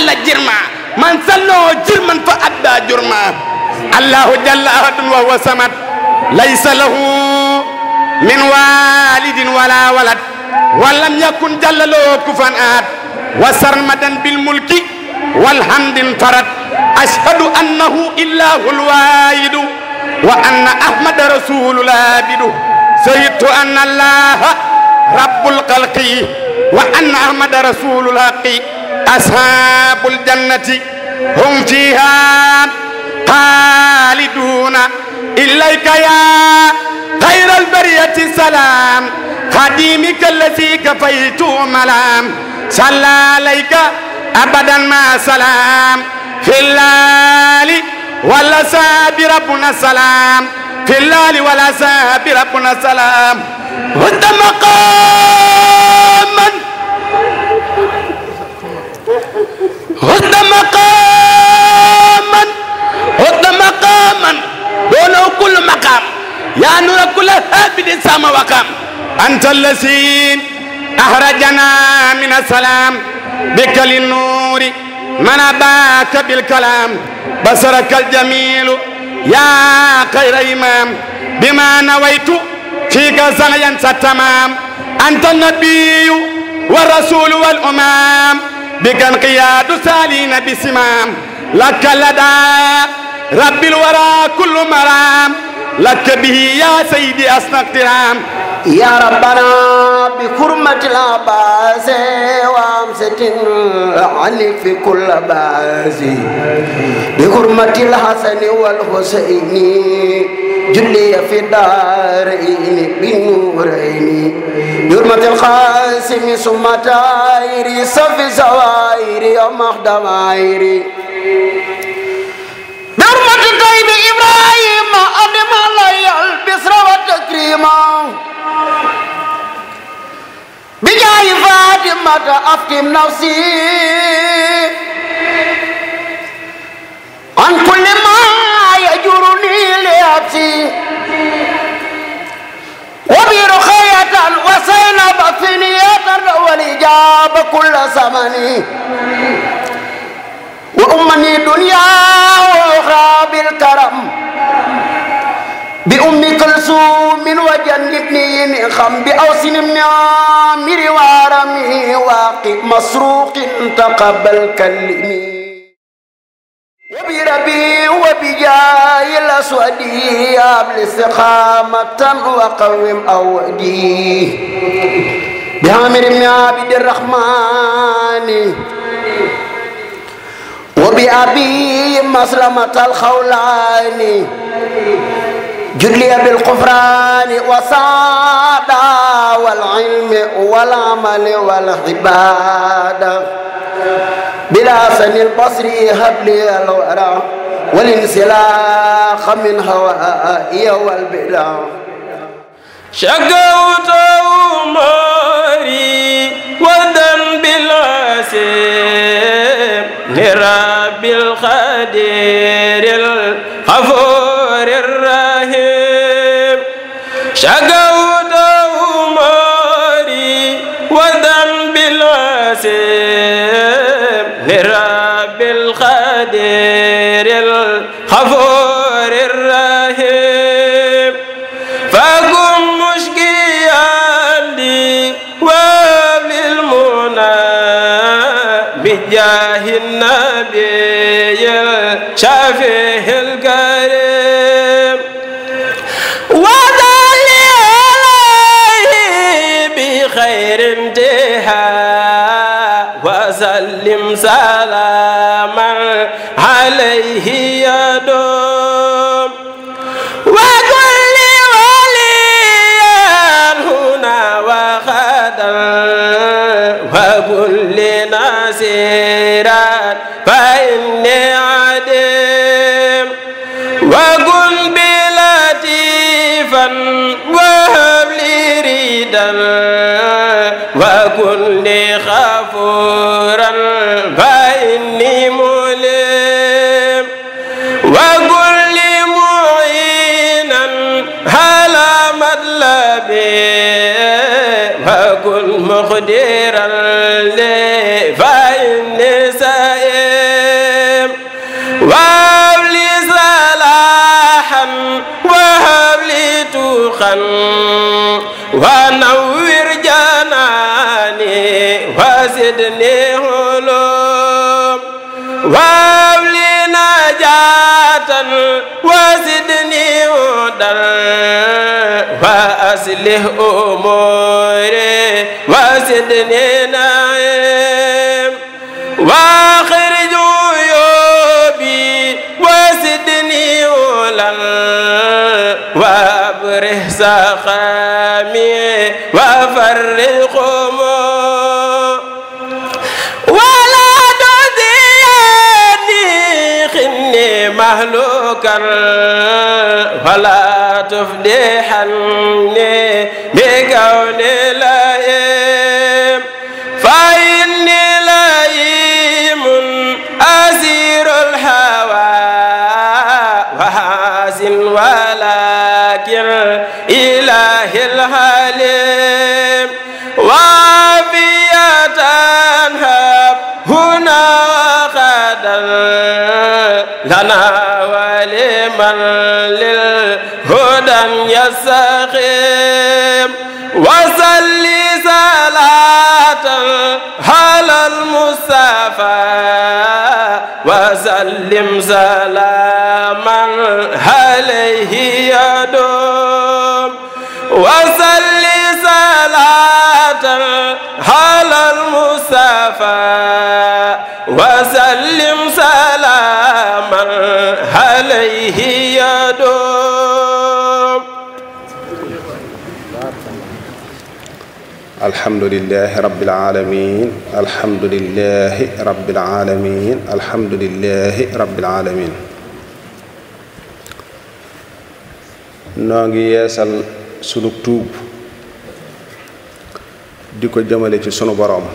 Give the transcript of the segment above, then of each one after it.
جل جرما من سلو جرما فأدى جرما الله جل أحد وهو سمد ليس له من والد ولا ولد ولم يكن جل له كفوا أحد وسرمدا بالملك والحمد انفرد أشهد أنه إله الواحد وأن أحمد رسول العابد سيدت أن الله رب الخلق وأن أحمد رسول الحق أصحاب الجنة هم فيها خالدون إليك يا خير البرية سلام خديمك الذي كفيت ملام صلى عليك أبدا ما سلام في الليل ولا ساب ربنا سلام في الليل ولا ساب ربنا سلام وانت مقام غد مقاما غد مقاما دونه كل مقام يا نور كل هابد سما وقام أنت الذي أخرجنا من السلام بك للنور من أباك بالكلام بصرك الجميل يا خير إمام بما نويت فيك زغيا ستمام أنت النبي والرسول والأمام بكن قياد سالين بسمام لك لدى رب الورى كل مرام لك به يا سيدي أسنى اقترام يا ربنا بكرمة العباس وامسة عليك في كل باز بكرمة الحسن والحسين جلي في دارين بنورين يرمة القاسم ثم تائري صف سوائري ومحد مائري برمة طيب إبراهيم أدم علي البسر والتكريما بجاي فاتمة أفتم نفسي عن كل ما يجرني لأبسي وبرخ شركا وزينب في نيات الأول والإجاب كل زمن وأمني دنيا وأخرى بالكرم بأم كلثوم ابني نخم بأوسن من عامر وارمي واقي مسروق تقبل كلمي وبربي وبجاي الأسود أبل استقامة وقوم أودي بعامر بن عبد الرحمن وبأبي مسلمة الخولاني جلي بالغفران وصادا والعلم والعمل والعبادة بلا سن البصر هب لي الورى والانسلاخ من هوائي والبلا شكوت أمري وذنب العسير لرب القدير الخفور يا النبي الشفيع القريب وضلي عليه بخير امتها وسلم سلام ونور جناني وزدني علوم وابلي نجاة وزدني هدى وأصلح أموري وزدني نعيم أبره سقامي وفرقهم ولا تديني خني مهلوكا ولا تفدحني بكون الله لنا ولمن للهدى يستقيم وصلي صلاة على المصطفى وسلم سلاما عليه يدوم وصلي صلاة على المصطفى وسلم سلاما من عليه يدوم الحمد لله رب العالمين الحمد لله رب العالمين الحمد لله رب العالمين نوغي يسال سنوك توب ديكو جمالي سنو بروم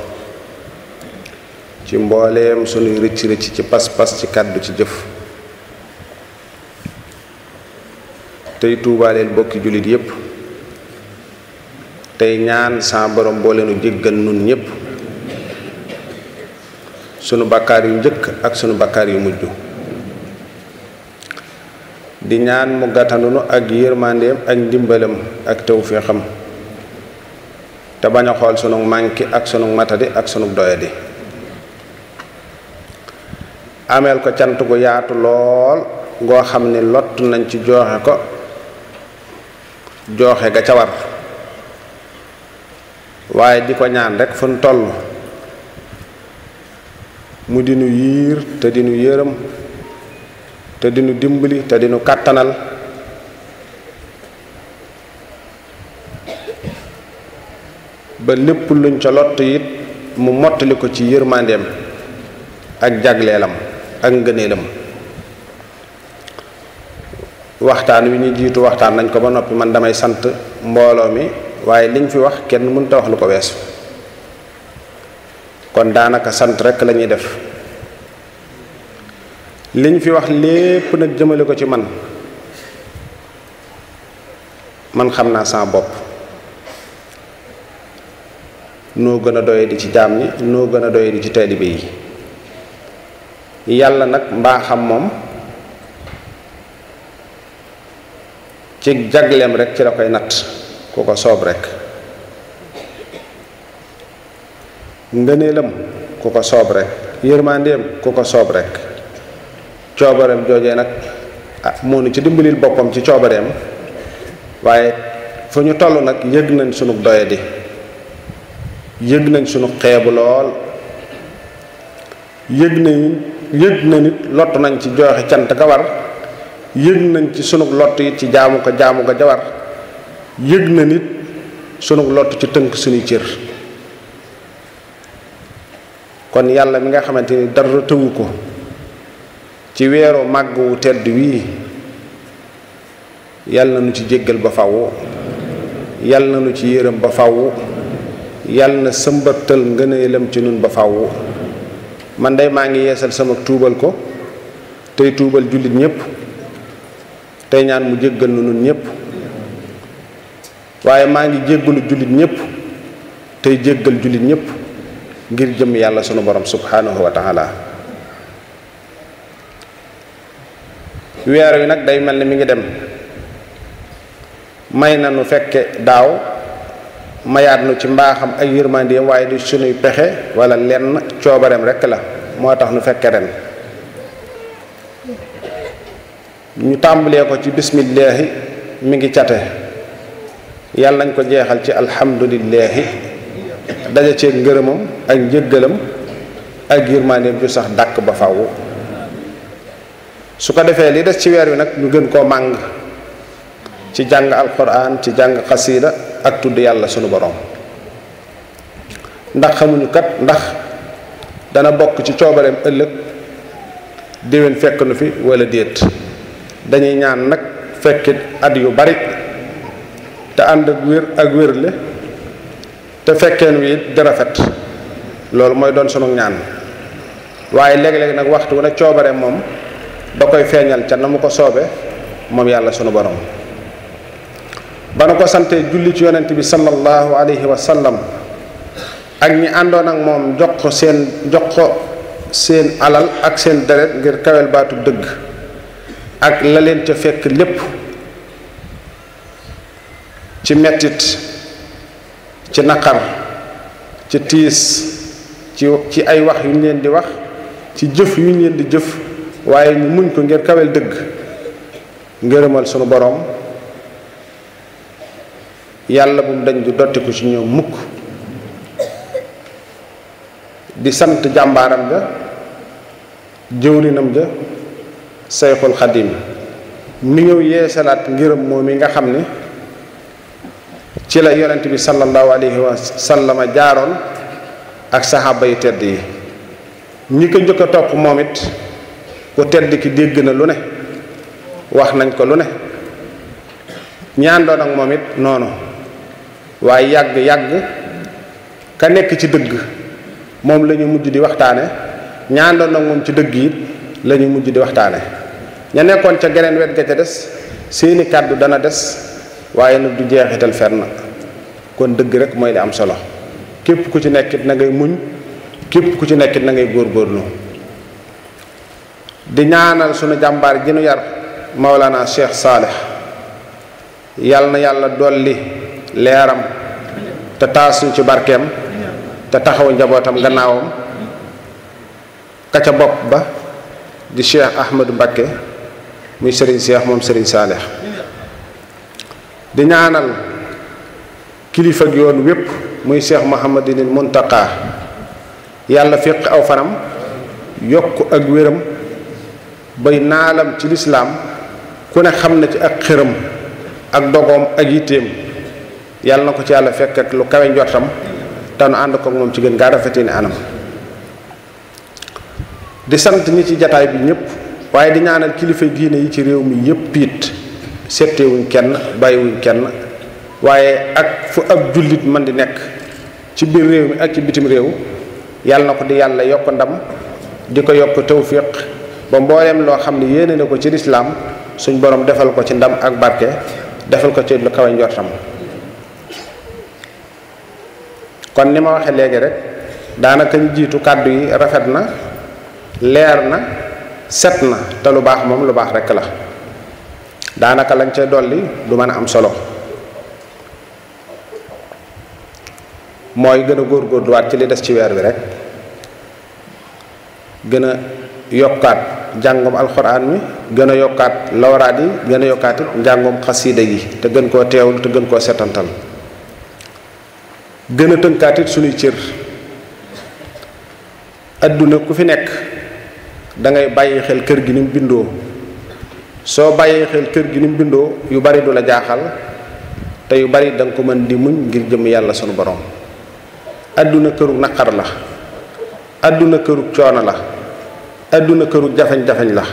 ci sunu sunuy rëcc rëcc ci pas-pas ci kaddu ci jëf tey tuubaaleel bokki julit yépp tey ñaan sa borom bo nu jéggal nun ñëpp sunu bakkaar yu njëkk ak sunu bakkaar yu mujj di ñaan mu gàttandunu ak yërmandeem ak ndimbalam ak tawféexam te bañ a xool sunu manki ak sunu matadi ak sunu doyadi ameel ko cant gu yaatu lool goo xam ni lott nañ ci jooxe ko jooxe ga ca war waaye di ko ñaan rek fu nu toll mu di nu yiir te di nu yërëm te di nu dimbali te di nu kàttanal ba lépp luñ ca lott it mu mottali ko ci yërmandeem ak jagleelam ak ngëneelam waxtaan wi ñu jiitu waxtaan nañ ko ba noppi man damay sant mbooloo mi waaye liñ fi wax kenn mënta wax lu ko weesu kon daanaka sant rekk lañuy ñuy def liñ fi wax lépp nag jëmale ko ci man man xam naa sama bopp noo gën a doye di ci jaam ñi noo gën a doye ci taalibe yi yàlla nag mbaaxam moom ci jagleem rek ci la koy natt ku ko soob rek ngëneelam ku ko soob rek yërmandeem ku soob rek coobareem jooje nag a ah, moo ni ci dimbalil boppam ci coobareem waaye fu ñu toll nag yëg nañ sunu doyadi yëg nañ sunu xeebu lool yëg nañ yëg na nit lott nañ ci joxe cant ga war yëg nañ ci sunug lott it ci jaamu ko jaamu ko jawar yëg na nit sunug lott ci tënk suñuy cër kon yàlla mi nga xamante ni dara tëwu ko ci weeru màgg wu tedd wii yàlla na nu ci jéggal ba faw yàlla na nu ci yërëm ba faw yàlla na sëmbatal ngëneelam ci nun ba faw man day maa ngi yeesal sama tuubal ko tey tuubal jullit ñépp tey ñaan mu jéggal nu ñépp waaye maa ngi jéggalu jullit ñépp tey jéggal jullit ñépp ngir jëm yàlla sunu borom subhaanahu wa taala weer wi nag day mel ni mi ngi dem may na nu fekke daaw mayaat nu ci mbaaxam ak yërmandeem waaye du sunuy pexe wala lenn coobareem rekk la moo tax nu fekke ren ñu tàmbalee ko ci bismillaahi mu ngi cate yàlla nañ ko jeexal ci alhamdulillaahi daja ceeg ngërëmam ak njëggalam ak yërmandeem ju sax dàkk ba faw su ko defee li des ci weer wi nag ñu gën koo màng ci jàng alquran ci jàng xasiida ak tudd yàlla sunu borom ndax xamuñu kat ndax dana bokk ci coobareem ëllëg déwén fekk nu fi wala déet dañuy ñaan nag fekkit at yu bari te ànd ak wér ak le te fekkeen wi di rafet loolu mooy doon sunu ñaan waaye léeg-léeg nag waxtu wu ne coobare moom da koy feeñal ca na mu ko moom yàlla sunu borom banako sante julli ci yonent bi sallallahu alayhi wa sallam ak ñi andon ak moom jox sen jox alal ak sen deret ngir kawel batu deug ak la len ci fekk lepp ci mettit ci nakar ci tiis ci ci ay wax yu ñeen di wax ci jëf yu ñeen di jëf waye ñu muñ ko ngir kawel deug ngërëmal sunu borom yalla bu mu dañ du ko ci ñoom mukk di sant jambaram ga jëwlinam ga shaykhul khadim mi ñew yeesalat ngirum momi nga xamne ci la yaronte bi sallallahu alayhi wa sallama jaaroon ak sahaba yi tedd yi ñi ko jëk top momit ko tedd ki nono. na lu ne wax nañ ko lu ne ñaan do nak momit nono waaye yàgg yàgg ka nekk ci dëgg moom la ñu mujj di waxtaane ñaandoon nag moom ci dëgg yi la ñu mujj di waxtaane ña nekkoon ca geneen wet ga ca des seeni kàddu dana des waaye nag du jeexital fenn kon dëgg rek mooy li am solo képp ku ci nekkit na ngay muñ képp ku ci nekkit na ngay góorgóorlu di ñaanal sunu jàmbaar ji nu yar Maulana Cheikh Saleh yalna na yàlla dolli leeram te taas ci barkeem te taxaw njabootam gannaawam ka ca bopp ba di Cheikh Ahmadou Mbacké muy Serigne Cheikh moom Serigne Saalix di ñaanal kilifa ak yoon wépp muy Cheikh Mouhamadinil Mountakha yàlla féq aw fanam yokk ak wéram bay naalam ci lislaam ku ne xam na ci ak xëram ak dogoom ak yitteem yalla nako ci yalla fekk ak lu kawé njottam tan and ko moom ci gën ga rafetine anam di sant ni ci jotaay bi ñëpp waye di ñaanal kilifa diine yi ci rew mi yépp it wuñ kenn wuñ kenn waye ak fu ab julit man di nek ci bir rew mi ak ci bitim rew yalla nako di yalla yok ndam diko yok tawfiq ba mbooleem lo xamni yene nako ci suñ borom defal ko ci ndam ak barké defal ko ci lu kawé njottam kon ni waxe legi rek danaka ñu jitu kaddu yi rafetna na setna set na te lu bax mom lu bax rek la danaka lañ ci dolli du mën am solo mooy gor a góorgóorluwaat ci li dess ci wër bi rek gëna yokkat jangum alquran mi gëna yokkat lawradi gëna yokkat jangum qasida gi te gën ko tewul te gën ko setantal gën a tënkaat it suñuy cër adduna ku fi nekk dangay ngay bàyyi xel kër gi ni bindoo soo bàyyee xel kër gi ni mu bindoo yu bari du la jaaxal te yu bari da ko mën di muñ ngir jëm yàlla sunu borom adduna këru naqar la adduna këru coono la adduna këru jafañ-jafañ la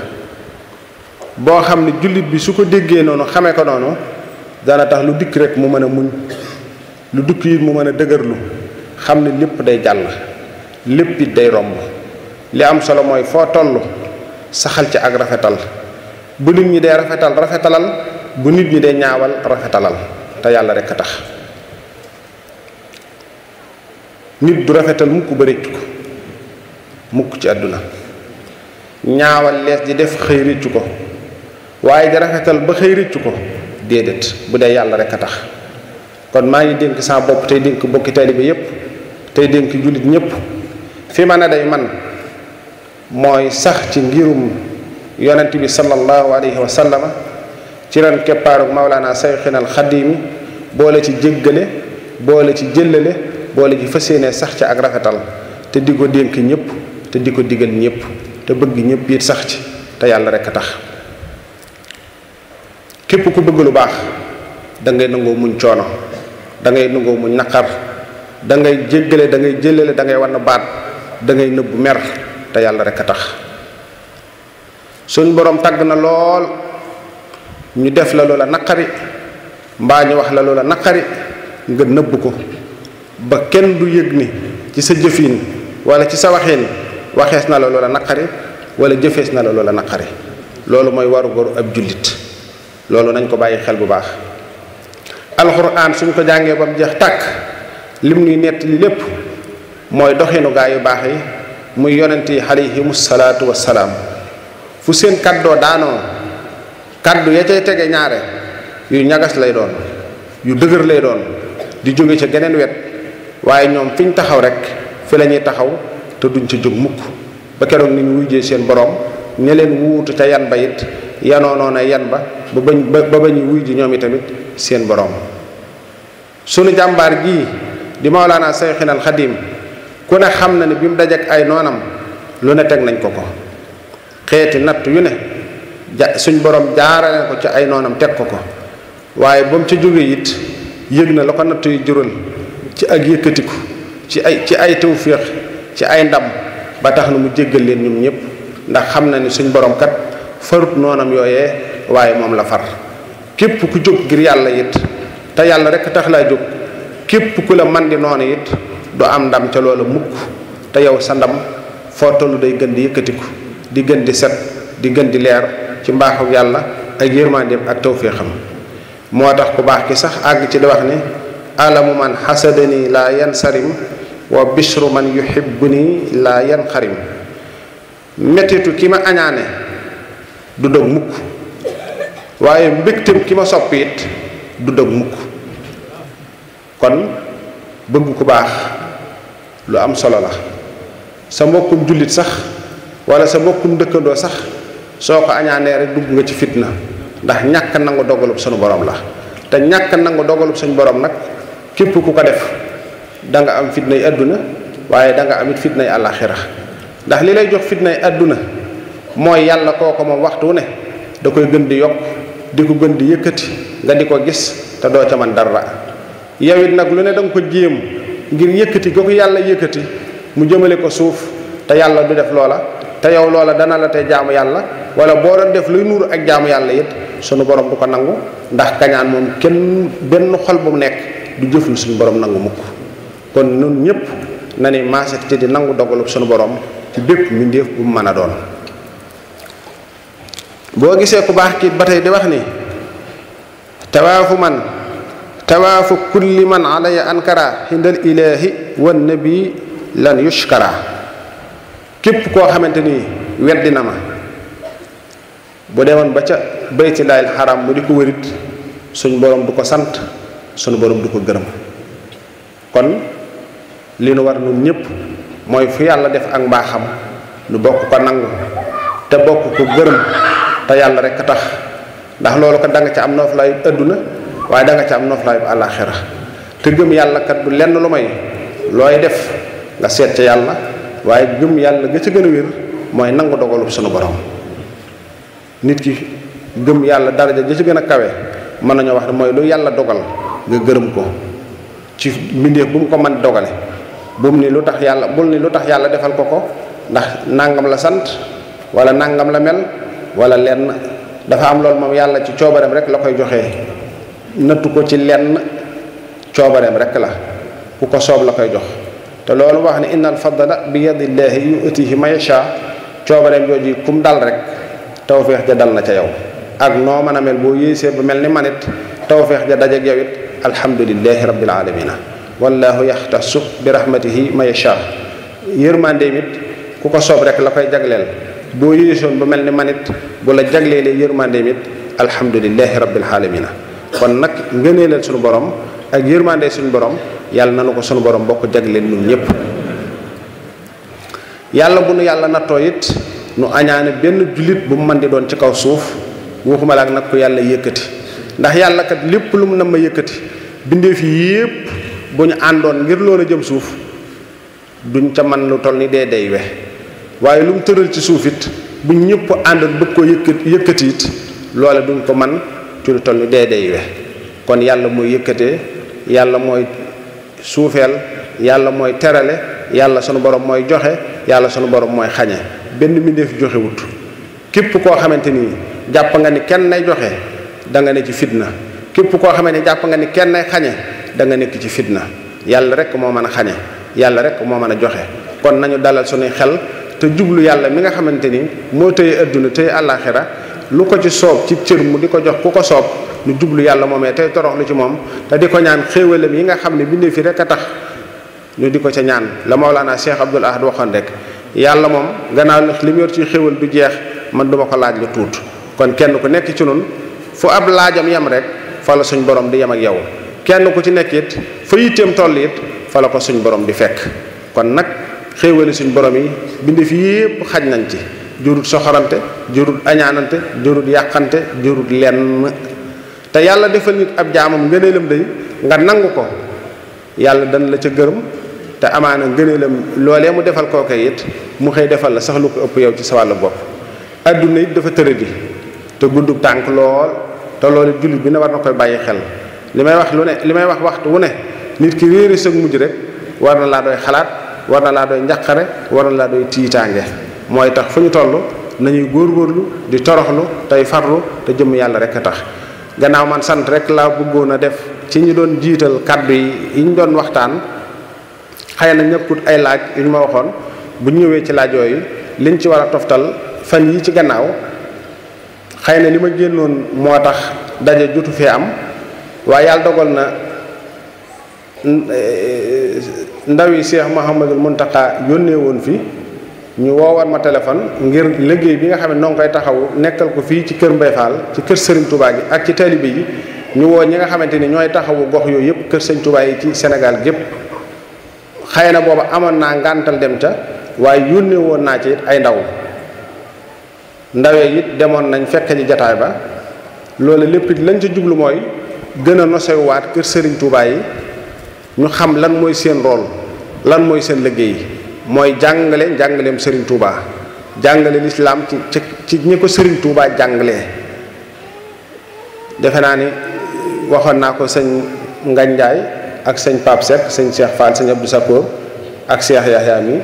boo xam ne jullit bi su ko déggee noonu xamee ko noonu dana tax lu dikk rek mu mën a muñ lu dikk yi mu mën a dëgërlu xam ne lépp day jàll lépp it day romb li am solo mooy foo toll saxal ci ak rafetal bu nit ñi dee rafetal rafetalal bu nit ñi dee ñaawal rafetalal te yàlla rekk a tax nit du rafetal mukk ba réccu ko mukk ci àdduna ñaawal lees di def xëy réccu ko waaye di rafetal ba xëy réccu ko déedéet bu dee yàlla rekk a tax kon maa ngi dénk sa bopp tey dénk bokki taalibe yépp tey dénk julit ñépp fi ma ne day man mooy sax ci ngirum yonent bi sallallahu alayhi wa sallama ci ren keppaaru maulana sayxina al xadimi boole ci jéggale boole ci jëllale boole ci fas sax ci ak rafetal te di ko dénk ñépp te di ko digal ñépp te bëgg ñépp it sax ci te yàlla rek tax képp ku bëgg lu baax da ngay nangoo muñ coono da ngay nungoo mu nakar da ngay jéggale da ngay jëlélé da ngay wann baat da ngay neub mer te yalla rek tax suñ borom tag na lol ñu def la lola nakari, mba ñu wax la loola nakari nga neub ko ba kenn du yegni ci sa jëfine wala ci sa waxine waxes na la nakari wala jëfees na nakari moy waru ab julit nañ ko xel bu baax alquran suñ ko jàngee bam jeex tàkk lim ñuy nett li lépp mooy doxinu gaa yu baax yi muy yonent yi alayhimu salaatu wassalaam fu seen kàddoo daanoo kàddu ya cay tege ñaare yu ñagas lay doon yu dëgër lay doon di jóge ca geneen wet waaye ñoom fiñ taxaw rek fi la ñuy taxaw te duñ ca jóg mukk ba keroog ni ñu wujjee seen borom ne leen wuutu ca yan ba it yanoo noona yan ba ba bañ ba bañ wuy ji ñoom itamit seen borom sunu jàmbaar gii di Maolana Seyxinal Xadim ku ne xam na ne bi mu dajek ay noonam lu ne teg nañ ko ko xeeti natt yu ne ja suñ borom jaarale ko ci ay noonam teg ko ko waaye ba mu ca jógee it yëg na la ko natt yu jural ci ak yëkkatiku ci ay ci ay tawféex ci ay ndam ba tax na mu jéggal leen ñoom ñëpp ndax xam na ni suñ borom kat farut noonam yooye waaye moom la far képp ku jóg ngir yàlla it ta yalla rek tax la kep ku la man di noonu it do am ndam ca lolu mukk ta yow sa ndam fo toll day gënd di yëkkatiku di gënd di set di gënd di leer ci mbaxu yalla ak yermande ak tawféexam motax ku bax ki sax ag ci di wax ni alamu man hasadani la yansarim wa bishru man yuhibbuni la yanxarim mettitu kima añane du dog mukk waye mbégtam kima soppit du dog mukk kon bëgg ku baax lu am solo la sa mbokkum julit sax wala sa mbokkum dëkkandoo sax soo ko añaanee rek dugg nga ci fitna ndax ñàkk nangu dogalub sunu borom la te ñàkk nangu dogalub suñu borom nag képp ku ko def da nga am fitnay àdduna waaye da nga amit fitnay àllaaxira ndax li lay jox fitnay àdduna mooy yàlla kooko moom waxtu ne da koy gën di di ko gën di yëkëti nga diko gis te do ca man dara yow it nag lu ne dang ko jëm ngir yëkëti ga yalla yëkëti mu jëmele ko suuf te yalla du def lola te yow lola dana la te jaamu yalla wala bo doon def luy nuru ak jaamu yalla it sunu borom du ko nangu ndax kañaan mom kenn benn xol bu mu nekk du borom nangu ko kon nun ñëpp nani ma maase di nangu dogalub sunu borom ci bépp mbindeef bu mëna doon boo gisee ku baax kiit ba tey di wax ni tawaafu man tawaafu kulli man alaya ankara hindal ilaahi wan nabi lan yushkara képp koo xamante ni weddi na ma bu demoon ba ca baytilaayil xaram mu di ko wërit suñ boroom du ko sant suñu boroom du ko gërëm kon li nu war nun ñépp mooy fu yàlla def ak mbaaxam nu bokk ko nangu te bokk ko gërëm ta yàlla rek tax ndax loolu kat da nga ca am nooflaay adduna waaye da nga ci am nooflaay bu àllaaxira te gëm yàlla kat du lenn lu may looy def nga seet ca yàlla waaye gëm yàlla ga ca gën a wér mooy nangu sunu borom nit ki gëm yàlla daraja ja ci gën a kawe mën nañoo wax ne mooy lu yàlla dogal nga gërëm ko ci mbindeef bu mu ko man dogale bu ni lu tax yàlla bul ni lu tax yàlla defal ko ko ndax nangam la sant wala nangam la mel wala lenn dafa am loolu moom yàlla ci coobareem rek la koy joxe nattu ko ci lenn coobareem rek la ku ko soob la koy jox te loolu wax ne innal fadla bi yadillaahi yu'tihi man yashaa coobareem jooju kum dal rek tawféex ja dal na ca yow ak noo mën a mel boo yéesee bu mel ni manit tawféex ja dajeeg yow it alhamdulilahi rabbil alamina wallahu yaxtasu bi rahmatihi man yashaa yërmandeem it ku ko soob rek la koy jagleel boo yéesoon ba mel ni manit bu la jagleelee yërmandeem it alhamdulilahi rabbil alamina kon nag ngëneelal sunu borom ak yërmande suñu borom yàlla nanu ko suñu borom bokk jagleen ñun ñëpp yàlla bu nu yàlla nattoo it nu añaane benn jullit bu mu mën di doon ci kaw suuf waxuma la ak nag ko yàlla yëkkati ndax yàlla kat lépp lu mu a ma yëkkati bindeef yi yépp bu ñu àndoon ngir loolu jëm suuf duñ ca man lu toll ni dee dey we waaye lu mu tëral ci suuf it bu ñëpp ànd ak bëgg ko yëkkati yëkkati it loola ko man ci lu toll dee dee we kon yàlla mooy yëkkatee yàlla mooy suufeel yàlla mooy terale yàlla sunu borom mooy joxe yàlla sunu borom mooy xañe benn mbindeef joxe wut képp koo xamante ni jàpp nga ni kenn nay joxe danga ne ci fitna képp koo xamante ni jàpp nga ni kenn nay xañe da nekk ci fitna yàlla rek moo mën a xañe yàlla rek moo mën a joxe kon nañu dalal sunuy xel te jublu yàlla mi nga xamante ni moo tëye adduna tëye àllaaxira lu ko ci soob ci cër mu di ko jox ku ko soob nu jublu yàlla moom moomee tey toroxlu ci moom te di ko ñaan xéewalam yi nga xam ne bindee fii rek a tax ñu di ko ca ñaan la moo Mawlaana Cheikh Abdoul Ahad waxoon rek yàlla moom gannaaw li mu yor ci xéewal du jeex man duma ko laaj lu tuut kon kenn ku nekk ci noonu fu ab laajam yam rek fa la suñ borom di yem ak yow kenn ku ci nekk it fa yitteem toll it fa la ko suñ borom di fekk xewale suñ borom yi bindee fi yépp xaj nañ ci jurut soxorante jurut añaanante jurut yàqante jurut lenn te yàlla defal nit ab jaamam ngëneelam day nga nangu ko yàlla dan la ca gërëm te amaana ngëneelam loolee mu defal kooke it mu xëy defal la sax lu ko ëpp yow ci sa wàllu bopp adduna it dafa tëradi te guddub tànk lool te loolu julit bi ne war na koy bàyyi xel li wax lu ne li may wax waxtu wu ne nit ki réeri sëg mujj rek war na laa doy xalaat war na laa doy njaqare war na laa doy tiitaange mooy tax fu ñu toll nañuy góor góorlu di toroxlu tey farlu te jëmm yàlla rek a tax gannaaw man sant rek laa bëggoon a def ci ñu doon jiital kàddu yi yi ñu doon waxtaan xëy na ñëpput ay laaj yu ñu ma waxoon bu ñëwee ci laaj yooyu liñ ci war a toftal fan yi ci gannaaw xëy na li ma génnoon moo tax daje jotu fee am waaye yàlla dogal na eh, ndaw yi Cheikh Mouhamadul Mountakha yónnee woon fii ñu woowoon ma téléphone ngir liggéey bi nga xam ne noo koy taxawu nekkal ko fii ci kër Mbaye ci kër sëriñ Touba gi ak ci taalibe yi ñu woo ñi nga xamante ni ñooy taxawu gox yooyu yëpp kër Serigne Touba yi ci Sénégal gépp xëy na booba amoon naa ngàntal dem ca waaye yónnee woon naa ci it ay ndaw ndawee it demoon nañ fekke ji jataay ba loolu lépp it lañ ca jublu mooy gën a nosewaat kër sëriñ Touba yi. ñu xam lan mooy seen rôle lan mooy seen liggéey mooy jàngale jàngaleem sëriñ tuuba jàngale lislaam ci ci ci ñi ko sëriñ tuuba jàngalee defe naa ni waxoon naa ko sëñ nganjaay ak sëñ pap sek sëñ cheikh fall sëñ abdou ak cheikh yahya mi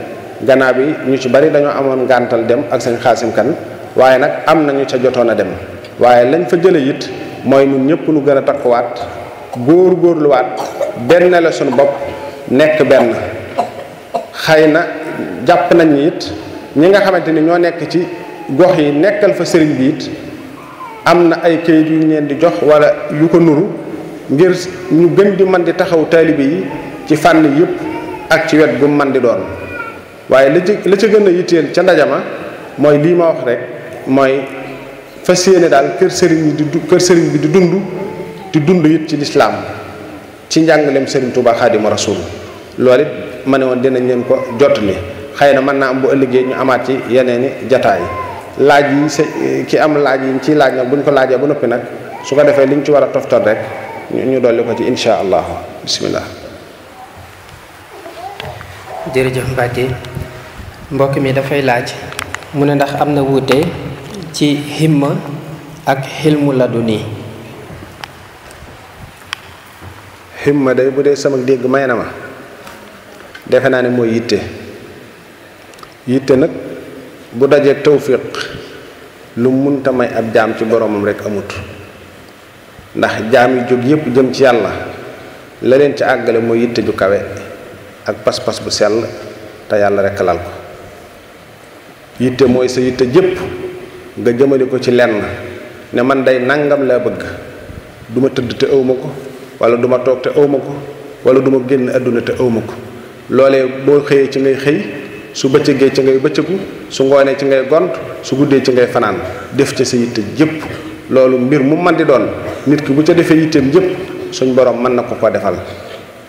gannaaw bi ñu ci bari dañoo amoon gàntal dem ak sëñ xaasim kan waaye nag am nañu ca jotoon a dem waaye lañ fa jële it mooy ñun ñëpp nu gën a takkuwaat góor góorluwaat benn la sunu bopp nekk benn xay na jàpp nañ ni it ñi nga xamante ni ñoo nekk ci gox yi nekkal fa sëriñ bi it am na ay kayit yu ñu di jox wala yu ko nuru ngir ñu gën di mën di taxaw taalibe yi ci fànn yëpp ak ci wet gu mën di doon waaye la ci li ci gën a yitteel ca ndajama mooy lii ma wax rek mooy fas yéene daal kër kër sëriñ bi di dund di dund yit ci lislaam ci njàngaleem Serigne Touba Xaadimu Rasuul lool it ma ne woon dinañ leen ko jot ni xëy na mën naa am bu ëllëgee ñu amaat ci yeneen i jataay laaj yi sa ki am laaj yi ci laaj nag bu ñu ko laajee ba noppi nag su ko defee liñ ci war a toftal rek ñu dolli ko ci insha allah bismillah jërëjëf Mbacke mbokk mi dafay laaj mu ne ndax am na wuute ci himma ak xilmu laduni himma day bu dee sama dégg may ma defe naa ne yite, yitte yitte nak bu dajeeg tawfiq lu munta may ab jam ci boromam rek amut ndax jam yu jog yépp jëm ci yalla la leen ci moy yitte ju kawe ak pas-pas bu sel ta yalla rek lal ko yitte moy sa yitte jépp nga jëmele ko ci lenn ne man day nangam la bëgg duma tëdd te awmako wala duma toog te awma ko wala du ma génn àdduna te awma ko loolee boo xëyee ci ngay xëy su bëccëgee ci ngay bëccëgu su ngoonee ci ngay gont su guddee ci ngay fanaan def ca sa yitte jëpp loolu mbir mu man di doon nit ki bu ca defee yitteem jëpp suñ boroom mën na ko ko defal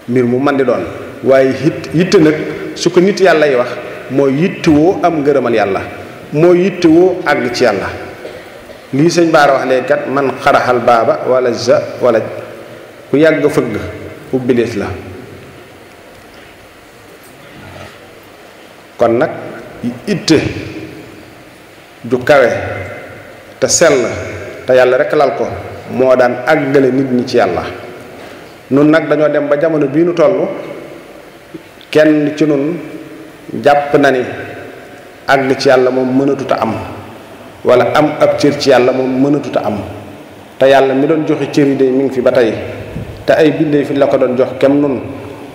mbir mu man di doon waaye it yitte nag su ko nit yàlla yi wax mooy yittewoo am ngërëmal yàlla mooy yittewoo àgg ci yàlla lii sëñ Baara wax léegi man xaraxal baaba walla ja wala ku yàgg fëgg ubbilis la kon nag itte ju kawe te sell te yàlla rek lal ko moo daan àggale nit ñi ci yàlla nun nag dañoo dem ba jamono bii nu toll kenn ci nun jàpp na ni àgg ci yàlla moom mënatut am walla am ab cër ci yàlla moom mënatut am te yàlla mi doon joxe cër yi de mi ngi fi ba tey te ay bindee fi la ko doon jox kem nun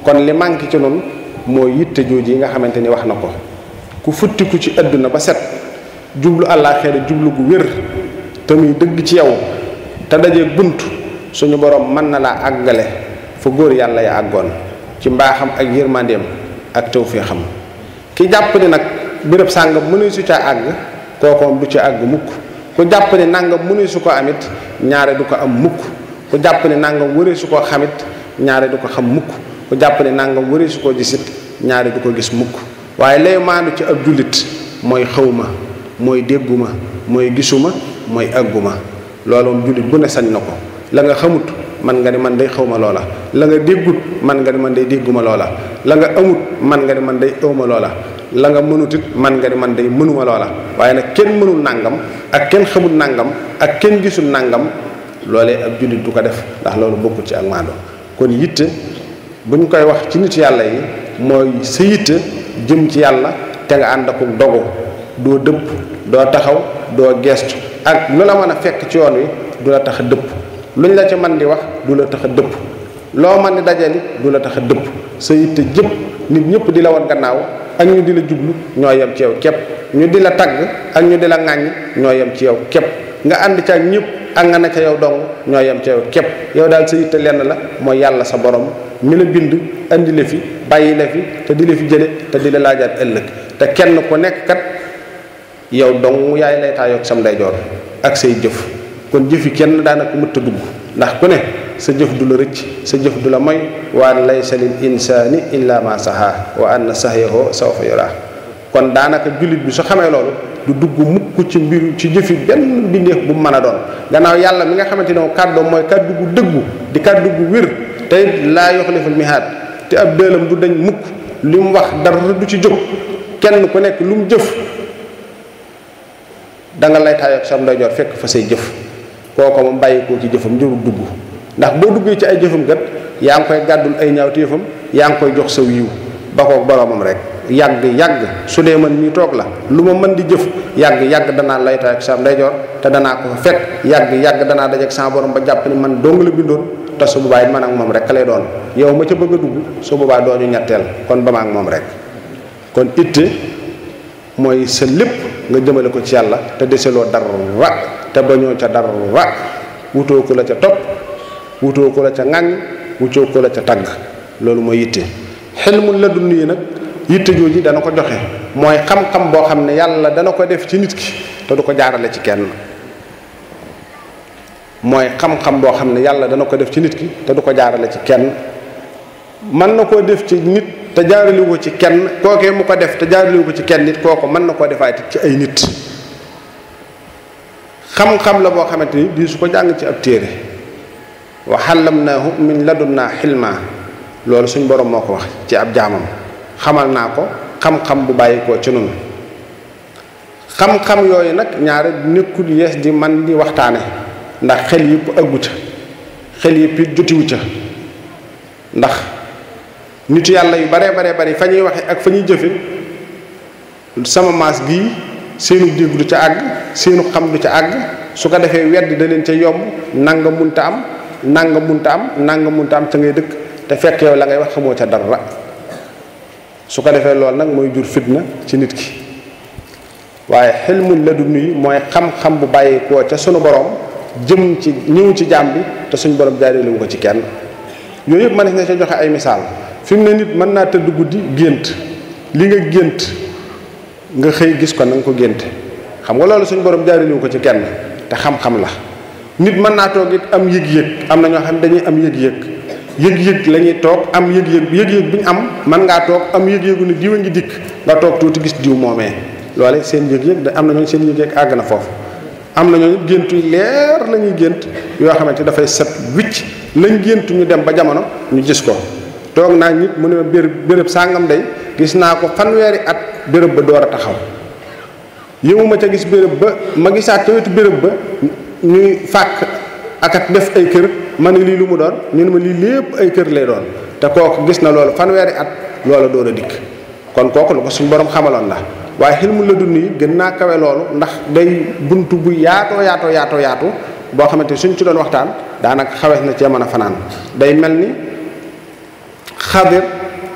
kon li manqué ci nun mooy yitte jooju yi nga xamante ni wax na ko ku futtiku ci àdduna ba set jublu àllaaxeere jublu gu wér te muy dëgg ci yow te dajee bunt suñu borom mën na laa àggale fa góor yàlla ya àggoon ci mbaaxam ak yërmandeem ak tawféexam ki jàpp ni nag béréb sàngam mënuy su ca àgg kookoom du ci àgg mukk ku jàpp ni nangam mënuy su ko amit ñaare du ko am mukk ku jàpp ne nangam wëree su koo xamit ñaare du ko xam mukk ku jàpp ne nangam wëree su koo gisit ñaare du ko gis mukk waaye lay maandu ci ab jullit mooy xawma mooy dégguma mooy gisuma mooy àgguma loolu moom jullit bu ne sañ na ko la nga xamut man nga ne man day ma loola la nga déggut man nga ne man day dégguma loola la nga amut man nga ne man day awma loola la nga mënutit man nga ne man day mënuma loola waaye nag kenn mënul nàngam ak kenn xamut nàngam ak kenn gisul nàngam lolé ab jullit du ko def ndax lolou bokku ci ak mando kon yitte buñ koy wax ci nit yalla yi moy sa yitte jëm ci yalla te nga and akuk dogo do depp do taxaw do geestu ak lu la mëna a fekk ci yoon wi du la tax depp luñ la ci man di wax du la tax depp lo man di dajali du la tax depp sa yitte nit ñepp di la won gannaaw ak ñu di la jublu ñoy yam ci yow kep ñu di la tag ak ñu di la ngañ ñoy yam ci yow kep nga and ci ak ñepp ak nga nekk yow dong ñoo yem ca yow képp yow daal sa yitte lenn la mooy yàlla sa borom mi la bind andi fi bàyyile la fi te di la fi jële te di la laajaat ëllëg te kenn ko nekk kat yow dong yaay lay ak sam ndeyjoor ak say jëf kon jëf yi kenn daanaka mëtt a dugg ndax ku ne sa jëf du la rëcc sa jëf du la moy wa an laysa lil insaani illa ma sahaa wa anna sahyahu sawfa yuraa kon danaka julit bi su xamé lolu du dugg mukk ci mbir ci jëfi ben bindeef bu mëna doon gannaaw yalla mi nga xamante no kaddo moy kaddu gu deggu di kaddu gu wir te la yukhliful mihad te ab deelam du dañ mukk lim wax dar du ci jox kenn ku nek lum jëf da nga lay ak sam jor fekk fa sey jëf mo moom ko ci jëfum njëru dugg ndax bo duggé ci ay jëfum gat yang koy gàddul ay ñaaw yaa yang koy jox sa yiw boromam rek yàgg-yàgg su dee man mii toog la lu ma mën di jëf yàgg-yàgg danaa laytaay ak sam te danaa ko fekk yàgg-yàgg danaa dajeeg sama borom ba jàpp ni man dong la bindoon te su boobaa man ak moom rek lay doon yow ma ca bëgg a dugg su boobaa doo ñu ñetteel kon ba ma ak moom rek kon itte mooy sa lépp nga jëmale ko ci yàlla te deseloo dara te bañoo ca dara wutoo ko la ca topp wutoo ko la ca ŋàññ wutoo ko la ca tagg loolu mooy itte xel mu la dund yi nag yitte jooju dana ko joxe mooy xam-xam boo xam ne yàlla dana ko def ci nit ki te du ko jaarale ci kenn mooy xam boo xam ne yàlla dana ko def ci nit ki te du ko jaarale ci kenn mën na koo def ci nit te jaarale ko ci kenn kookee mu ko def te jaaraliwu ko ci kenn nit kooku mën na koo defaa defaat ci ay nit xam-xam la boo xamante ni bii su ko jàng ci ab téere wa xallamnaahu min ladunna xilma loolu suñ borom moo ko wax ci ab jaamam xamal naa ko xam-xam bu koo ci noonu xam-xam yooyu nag ñaare nekkul yees di man di waxtaane ndax xel yëpp ëggu ca xel yëpp it ca ndax nitu yàlla yu baree baree bari fa ñuy waxee ak fa ñuy jëfe sama maas gii seenu dégg du ca àgg seenu xam du ca àgg su ko defee wedd da leen ca yomb nanga munta am nanga munta am nanga munta am ca ngay dëkk te fekk yow la ngay wax xamoo ca dara su ko defee loolu nag mooy jur fitna ci nit ki waaye xel xilmul du yi mooy xam-xam bu bàyyikoo ca sunu boroom jëm ci ñëw ci jaam bi te suñ borom jaaree wu ko ci kenn yooyu yëpp mën na ca joxe ay misaal fi mu ne nit mën naa tëdd guddi gént li nga gént nga xëy gis ko na ko gént xam nga loolu suñ borom jaaree ko ci kenn te xam-xam la nit mën naa toog am yëg-yëg am na ñoo xam dañuy am yëg-yëg. yeg yeg la tok am yeg yeg yeg yeg buñ am man nga tok am yeg yeg ni diiw nga dik dikk nga toog tuuti gis diiw momé lolé seen yeg yeg da am nañu ñooñu seen yeg yëg na fofu am nañu ñooñu géntu leer la gent yo xamanteni da fay set wicc lañ gentu ñu dem ba jamono ñu gis ko tok na nit mu ne beur beurep sangam day gis na ko wéri at beurep ba doora taxaw yewuma ca gis beurep ba ma gisat ca beurep ba ñuy fak akat def ay kër man ne lii lu mu doon ñu ne ma lii lépp ay kër lay doon te kooku gis na loolu fanweeri at loola door a dikk kon kooku lu ko suñu borom xamaloon la waaye xilmu la dund yi gën naa kawe loolu ndax day buntu bu yaatoo yaatoo yaato yaatu boo xamante ni suñ ci doon waxtaan daanaka xawes na cee mën a fanaan day mel ni xadir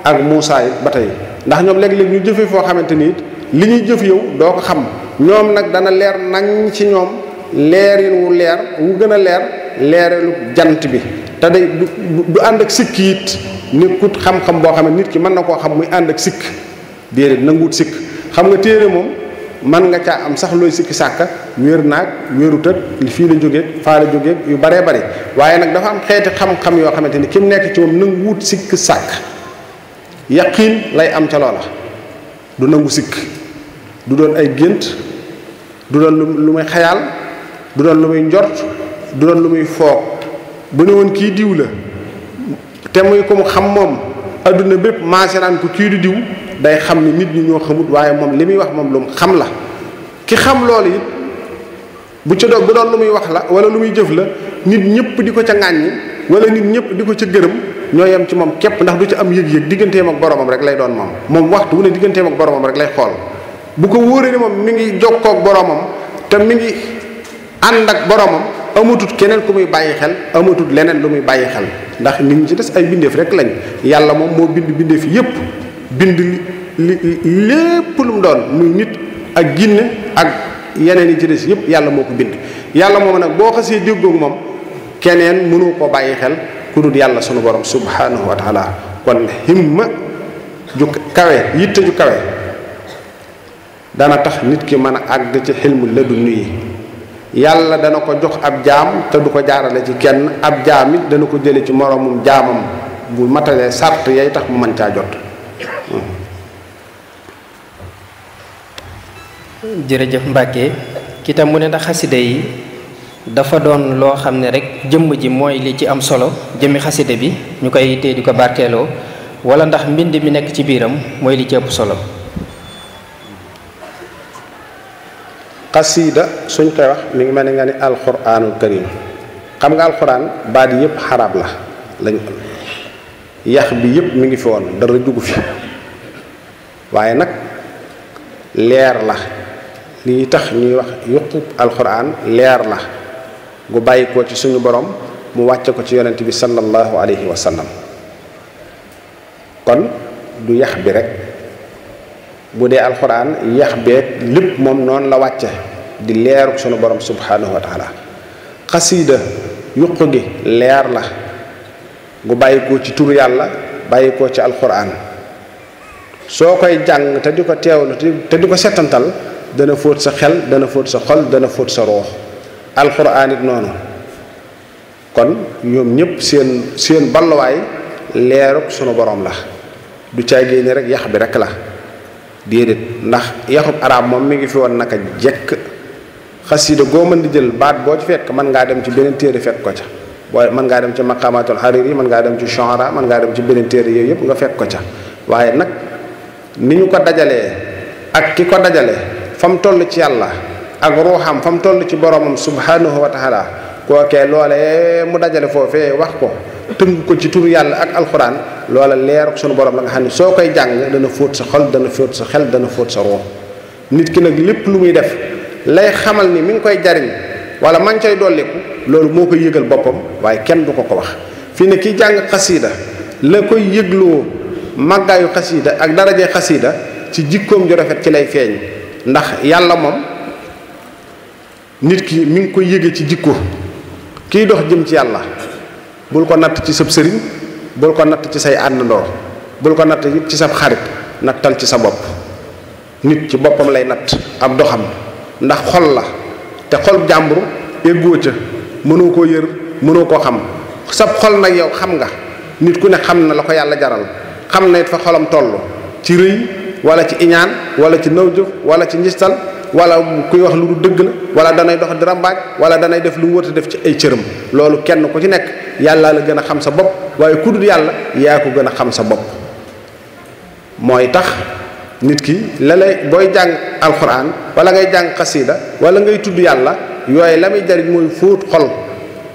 ak Moussa it ba tey ndax ñoom léeg-léeg ñu jëfee foo xamante ni li ñuy jëf yow doo ko xam ñoom nag dana leer nañ ci ñoom leerin wu leer wu gën a leer leeralu jant bi te day du ànd ak sikk it nekkut xam-xam boo xam ne nit ki mën na koo xam muy ànd ak sikk déedéet nanguwut sikk xam nga téere moom mën nga caa am sax looy sikki sàkk wér naag wéru tët fii la jógee faa la yu baree bari waaye nag dafa am xeeti xam-xam yoo xamante ni kim nekk ci moom nanguwut sikk sàkk yaqiin lay am ca la du nangu sikk du doon ay gént du doon lu may xayaal du doon lu may njort du doon lu muy foog bu ne woon kii diw la te muy ko mu xam moom adduna bépp maaseraan ko kii du diw day xam ni nit ñi ñoo xamut waaye moom li muy wax moom lu xam la ki xam loolu it bu ca doog bu doon lu muy wax la wala lu muy jëf la nit ñëpp di ko ca ŋàññi wala nit ñëpp di ko ca gërëm ñoo yam ci moom képp ndax du ci am yëg-yëg digganteem ak boromam rek lay doon moom moom waxtu wu ne digganteem ak boromam rek lay xool bu ko wóoree ni moom mi ngi jokkoo ak boromam te mi ngi ànd ak boromam amatut keneen ku muy bàyyi xel amatut leneen lu muy bàyyi xel ndax nit ñi ci des ay bindeef rek lañ yàlla moom moo bind bindeef yépp bind li lépp lu mu doon muy nit ak ginne ak yeneen yi ci des yépp yàlla moo ko bind yàlla moom nag boo xasee déggoog moom keneen mënu ko bàyyi xel ku dul yàlla sunu borom subhanahu wa taala kon himma ju kawe yitte ju kawe dana tax nit ki mën a àgg ci xilmu ladunni yi yàlla dana ko jox ab jam te du ko jaarale ci kenn ab jam it dana ko jele ci moromum jamam bu matale sart yay tax mu man caa jot jere jef kitam kita mune ndax xasida yi dafa doon loo xam rek jëm ji moy li ci am solo jëmi xasida bi ñukay koy tee di ko barkeeloo wala ndax mbind mi nek ci biram moy li ci ëpp solo qasida suñ koy wax mi ngi melni ni nga ni alquranul karim xam nga alquran baadi yep harab la lañ yah bi yep mi ngi fi won dara jugu fi waye nak leer la li tax ñuy wax yuqub alquran leer la gu bayiko ci suñu borom mu wacc ko ci yaronte bi sallallahu alayhi wa sallam kon du yahberek. bi rek bu alquran yax beeg lépp la wacce di leeruk sunu borom subhanahu wa taala qasida yuq gi leer la gu bayiko ci turu yalla bayiko ci alquran so koy jang te diko tewlu te diko setantal dana fóot sa xel dana fóot sa xol dana sa roh alquran it noonu kon ñom ñep seen seen balawai leeru sunu borom la du tay geene rek yah bi rek la dedet ndax yahub arab mom mi ngi fi won naka jek xasida goo mën di jël baat boo ci fekk mën ngaa dem ci beneen téere fekk ko ca booy mën ngaa dem ci maqamatul hariri mën ngaa dem ci shu'ara mën ngaa dem ci beneen téere yooyu yëpp nga fekk ko ca waaye nag ni ñu ko dajalee ak ki ko dajale fa mu toll ci yàlla ak ruuxam fa mu toll ci boromam subhanahu wa taala kookee loolee mu dajale foofee wax ko tënk ko ci tur yàlla ak alxuraan loola leer sunu borom la nga xam ne soo koy jàng dana fóot sa xol dana fóot sa xel dana fóot sa nit ki nag lépp lu muy def lay xamal ni mi ngi koy jariñ wala ma koy cay lépp loolu moo koy yëgal boppam waaye kenn du ko ko wax fii ne ki jàng xasiida la koy yëgloo màggaayu xasiida ak dara darajee xasiida ci jikkoom ju rafet ci lay feeñ ndax yàlla moom nit ki mi ngi koy yëge ci jikkoo kiy dox jëm ci yàlla bul ko natt ci sab sëriñ bul ko natt ci say àndandoo bul ko natt ci sab xarit nattal ci sa bopp nit ci boppam lay natt ab doxam ndax xol la te xol jàmbur éggoo ca mënoo koo yër mënoo koo xam sab xol nag yow xam nga nit ku ne xam na la ko yàlla jaral xam na it fa xolam toll ci rëy wala ci iñaan wala ci naw jëf wala ci njistal wala kuy wax lu du dëgg la wala danay dox di rambaaj wala danay def lu mu def ci ay cëram loolu kenn ku ci nekk yàlla la gën a xam sa bopp waaye ku dul yàlla yaa ko gën a xam sa bopp mooy tax nit ki la lay boy jang alquran wala ngay jang qasida wala ngay tuddu yalla yoy la muy moy foot xol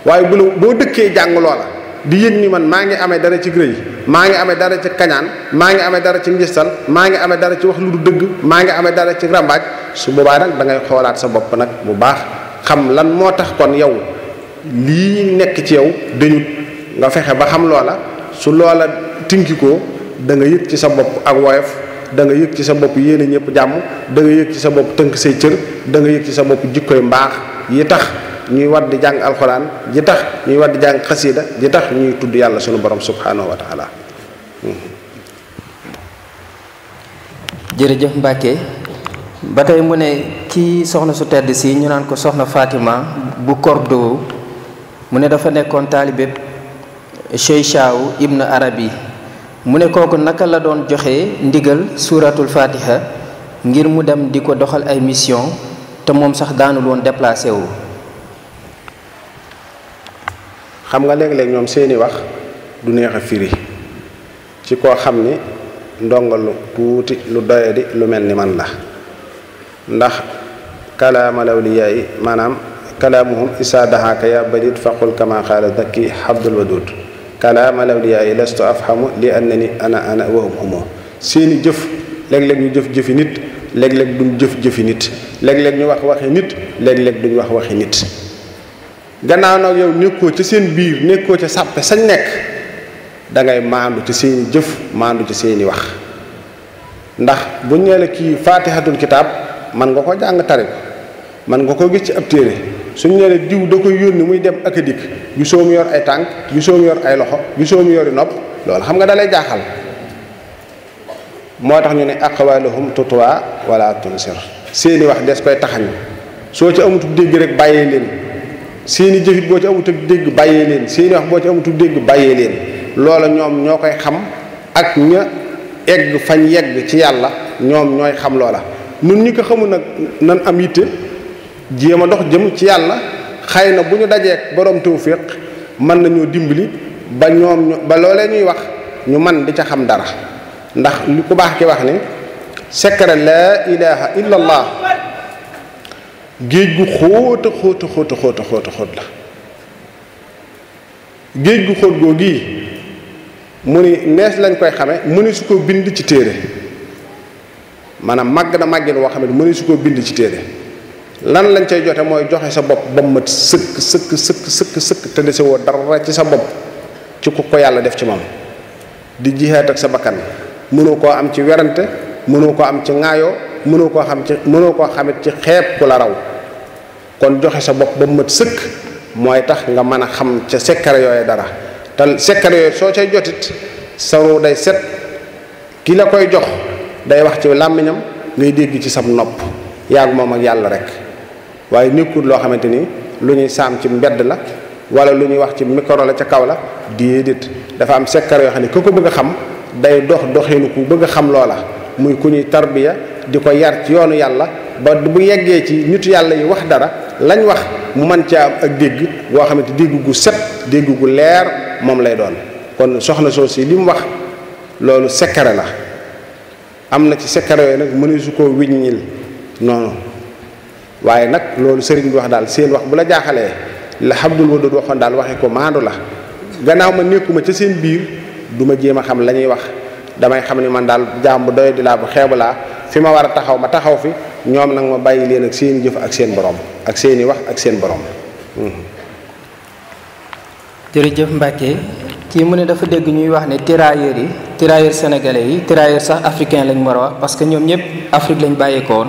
waaye bu bo dekke jang lola di ni man maa ngi amee dara ci greuy maa ngi amee dara ci kañaan maa ngi amee dara ci ngistal maa ngi amee dara ci wax lu du dëgg maa ngi amee dara ci rambaaj su boobaa nak da ngay xolaat sa bop nak bu baax xam lan kon yow li nekk ci yow deñu nga fexé ba xam lola su lola tinki da nga ci sa bop ak da nga yëg ci sa bopp yéene ñëpp jàmm da nga yëg ci sa bopp tënk say cër da nga yëg ci sa bopp jikkoy mbaax yi tax ñuy war di jàng alxuraan yi tax ñuy war di jàng xasida yi tax ñuy tudd yàlla sunu borom subhanahu wa taala hmm. jërëjëf mbàkke ba tey mu ne ki soxna su tedd si ñu naan ko soxna fatima bu cordo mu ne dafa nekkoon taalibeb cheychaaw ibnu arabi mune koku naka la don joxe ndigal suratul fatiha ngir mu dem diko doxal ay mission te mom sax danul won déplacer wu. xam nga leg leg ñom seeni wax du neex firi ci ko xamni ndongal tuuti lu doye di lu melni man la ndax kalam lawliyaa manam kalamuhum isadaha isaa daxaaka yaa faqul kama qala dakki abdul wadud kalaam al awliyaa yi lastu afhamu li annani ana ana wa hum humo seeni jëf léeg-léeg ñu jëf jëfi nit léeg-léeg duñ jëf jëfi nit léeg-léeg ñu wax waxi nit léeg-léeg duñ wax waxi nit gannaaw nag yow nekkoo ca seen biir nekkoo ca sàppe sañ nekk dangay maandu ci seeni jëf maandu ci seeni wax ndax buñ nee la kii faatihatul kitaab man nga ko jàng tari man nga koo gis ci ab téere suñu nee ne diw da koy yónni muy dem ak a dikk gisoo mu yor ay tànk gisoo mu yor ay loxo gisoo mu yori nopp loolu xam nga dalay jaaxal moo tax ñu ne aqwaluhum tutwa wala tunsir seeni wax des koy taxañ soo ci amutub dégg rek bàyyee leen seeni jëfit boo ci amutub dégg bàyyee leen seeni wax boo ci amutub dégg bàyyee leen loola ñoom ñoo koy xam ak ña egg fañ yegg ci yàlla ñoom ñooy xam loola nun ñi ko xamul nag nan am yitte jéem a dox jëm ci yàlla xëy na bu ñu dajeek borom tawfiq mën nañoo dimbali ba ñoom ñu ba loolee ñuy wax ñu man di ca xam dara ndax li ko baax ki wax ni secret laa ilaha illa géej gu xóota xóota xóota xóota xóota xóot géej gu xóot goo gii mu ni nees lañ koy xame mu ni su ko bind ci téere maanaam màgg na màggin woo xam ne mu ni su ko bind ci téere lan lañ cay jote mooy joxe sa bopp ba mat sëkk sëkk sëkk sëkk sëkk te dese woo dara ci sa bopp ci ku ko yàlla def ci moom di jihaat ak sa bakkan mënoo koo am ci werante mënoo koo am ci ŋaayoo mënoo koo xam ci mënoo koo xamit ci xeeb ku la raw kon joxe sa bopp ba mat sëkk mooy tax nga mën a xam ca sekkare yooyu dara te sekkare yooyu soo cay jotit sa ruu day set kii la koy jox day wax ci làmmiñam ngay dégg ci sam nopp yàgg moom ak yàlla rek waaye nekkul loo xamante ni lu ñuy saam ci mbedd la wala lu ñuy wax ci micro la ca kaw la déedéet dafa am sekkar yoo xam ne ku ko bëgg a xam day dox doxinu ku bëgg a xam loola muy ku ñuy tarbiya di ko yar ci yoonu yàlla ba bu yeggee ci ñut yàlla yi wax dara lañ wax mu man caa am ak dégg boo xamante dégg gu set dégg gu leer moom lay doon kon soxna soo si li wax loolu sekkare la am na ci sekkare yooyu nag ne su koo wiññil noonu waaye nag loolu sëriñ bi wax daal seen wax bu la jaaxalee la xam Abdul Wadud waxoon daal waxee ko maandu la gannaaw ma nekkuma ca seen biir du ma jéem a xam la ñuy wax damay xam ne man daal jaam bu doy di laa bu xeebu laa fi ma war a taxaw ma taxaw fi ñoom nag ma bàyyi leen ak seen jëf ak seen boroom ak seeni wax ak seen borom. Hmm. jërëjëf Mbacke kii mu ne dafa dégg ñuy wax ne tirailleurs yi tirailleurs sénégalais yi tirailleurs sax africain lañ war a wax parce que ñoom ñëpp Afrique lañ bàyyeekoo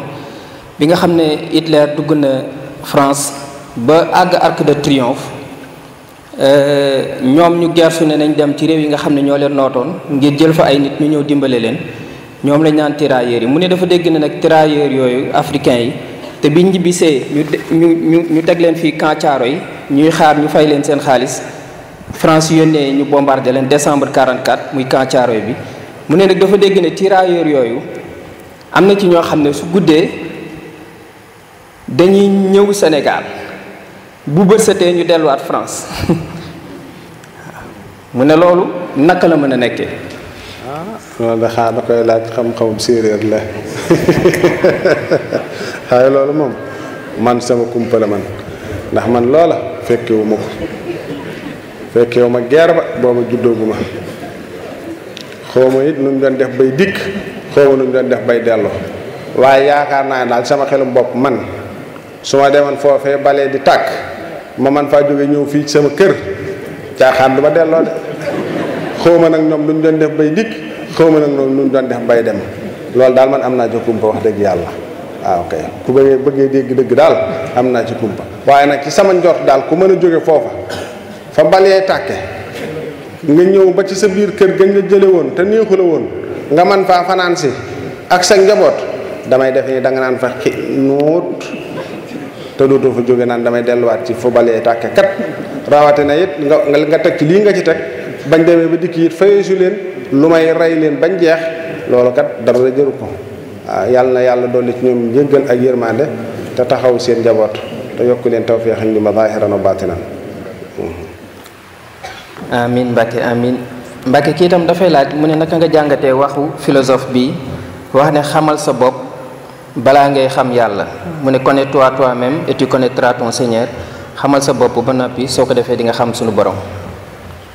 bi nga xam ne Hitler dugg na France ba àgg Arc de Triomphe euh, ñoom ñu gersu ne nañ dem ci réew yi nga xam ne ñoo leen nootoon ngir jël fa ay nit ñu ñëw dimbale leen ñoom lañ naan tirailleurs yi mu ne dafa dégg ne nag tirailleurs yooyu africain yi te biñ ñibbisee ñu ñu ñu teg leen fii camp yi ñuy xaar ñu fay leen seen xaalis France yónnee ñu bombardé leen décembre 44 muy camp Thiaroye bi mu ne nag dafa dégg ne tirailleurs yooyu am na ci ñoo xam ne su guddee dañuy ñëw Sénégal bu bët ñu delluwaat France mu ne loolu naka la mën a nekkee. Ah, loolu de xaar na koy laaj xam-xamum séeréer la waaye loolu moom man sama kumpa man ndax man loola fekkewu ma ko fekkewu ma guerre ba booba juddoogu ma xaw ma it nu mu doon def bay dikk xaw ma nu mu doon def bay delloo waaye yaakaar naa ne daal sama xelum bopp man suma demone fofé balé di tak ma man fa jogé ñew fi sama kër caaxaan du ma delloo de xaw nak ñom luñu doon def bay dik xaw nak ñom luñu doon def bay dem lool dal man amna ci kumpa wax dëgg yalla waaw ah, ok ku bëggee bëggee dégg dëgg dal amna ci kumpa waye nak ci sama ndort dal ku mëna jogé fofa fa balé takké nga ñew ba ci sa biir kër gën la jëlé won té neexul won nga man fa fanaan si ak sa njaboot damay def ni da nga nan fa xi te dootoo fa jóge naan damay delluwaat ci fobalee tàkke kat raawate na nga nga teg ci lii nga ci teg bañ demee ba dikk it fayeesu leen lu may rey leen bañ jeex loolu kat dara jëru ko waaw ah, yàlla na yàlla dolli ci ñoom njëggal ak yërmande te taxaw seen njaboot te yokk leen tawféexam li ma zaahiran wa baatinan hmm. amin Mbacke amin Mbacke kii tam dafay laaj mu ne naka nga jàngatee waxu philosophe bi wax ne xamal sa bopp bala ngay xam yalla mu ne connais-toi toi-même et tu connaîtras ton Seigneur xamal sa bop ba nopi soko defé di nga xam sunu borom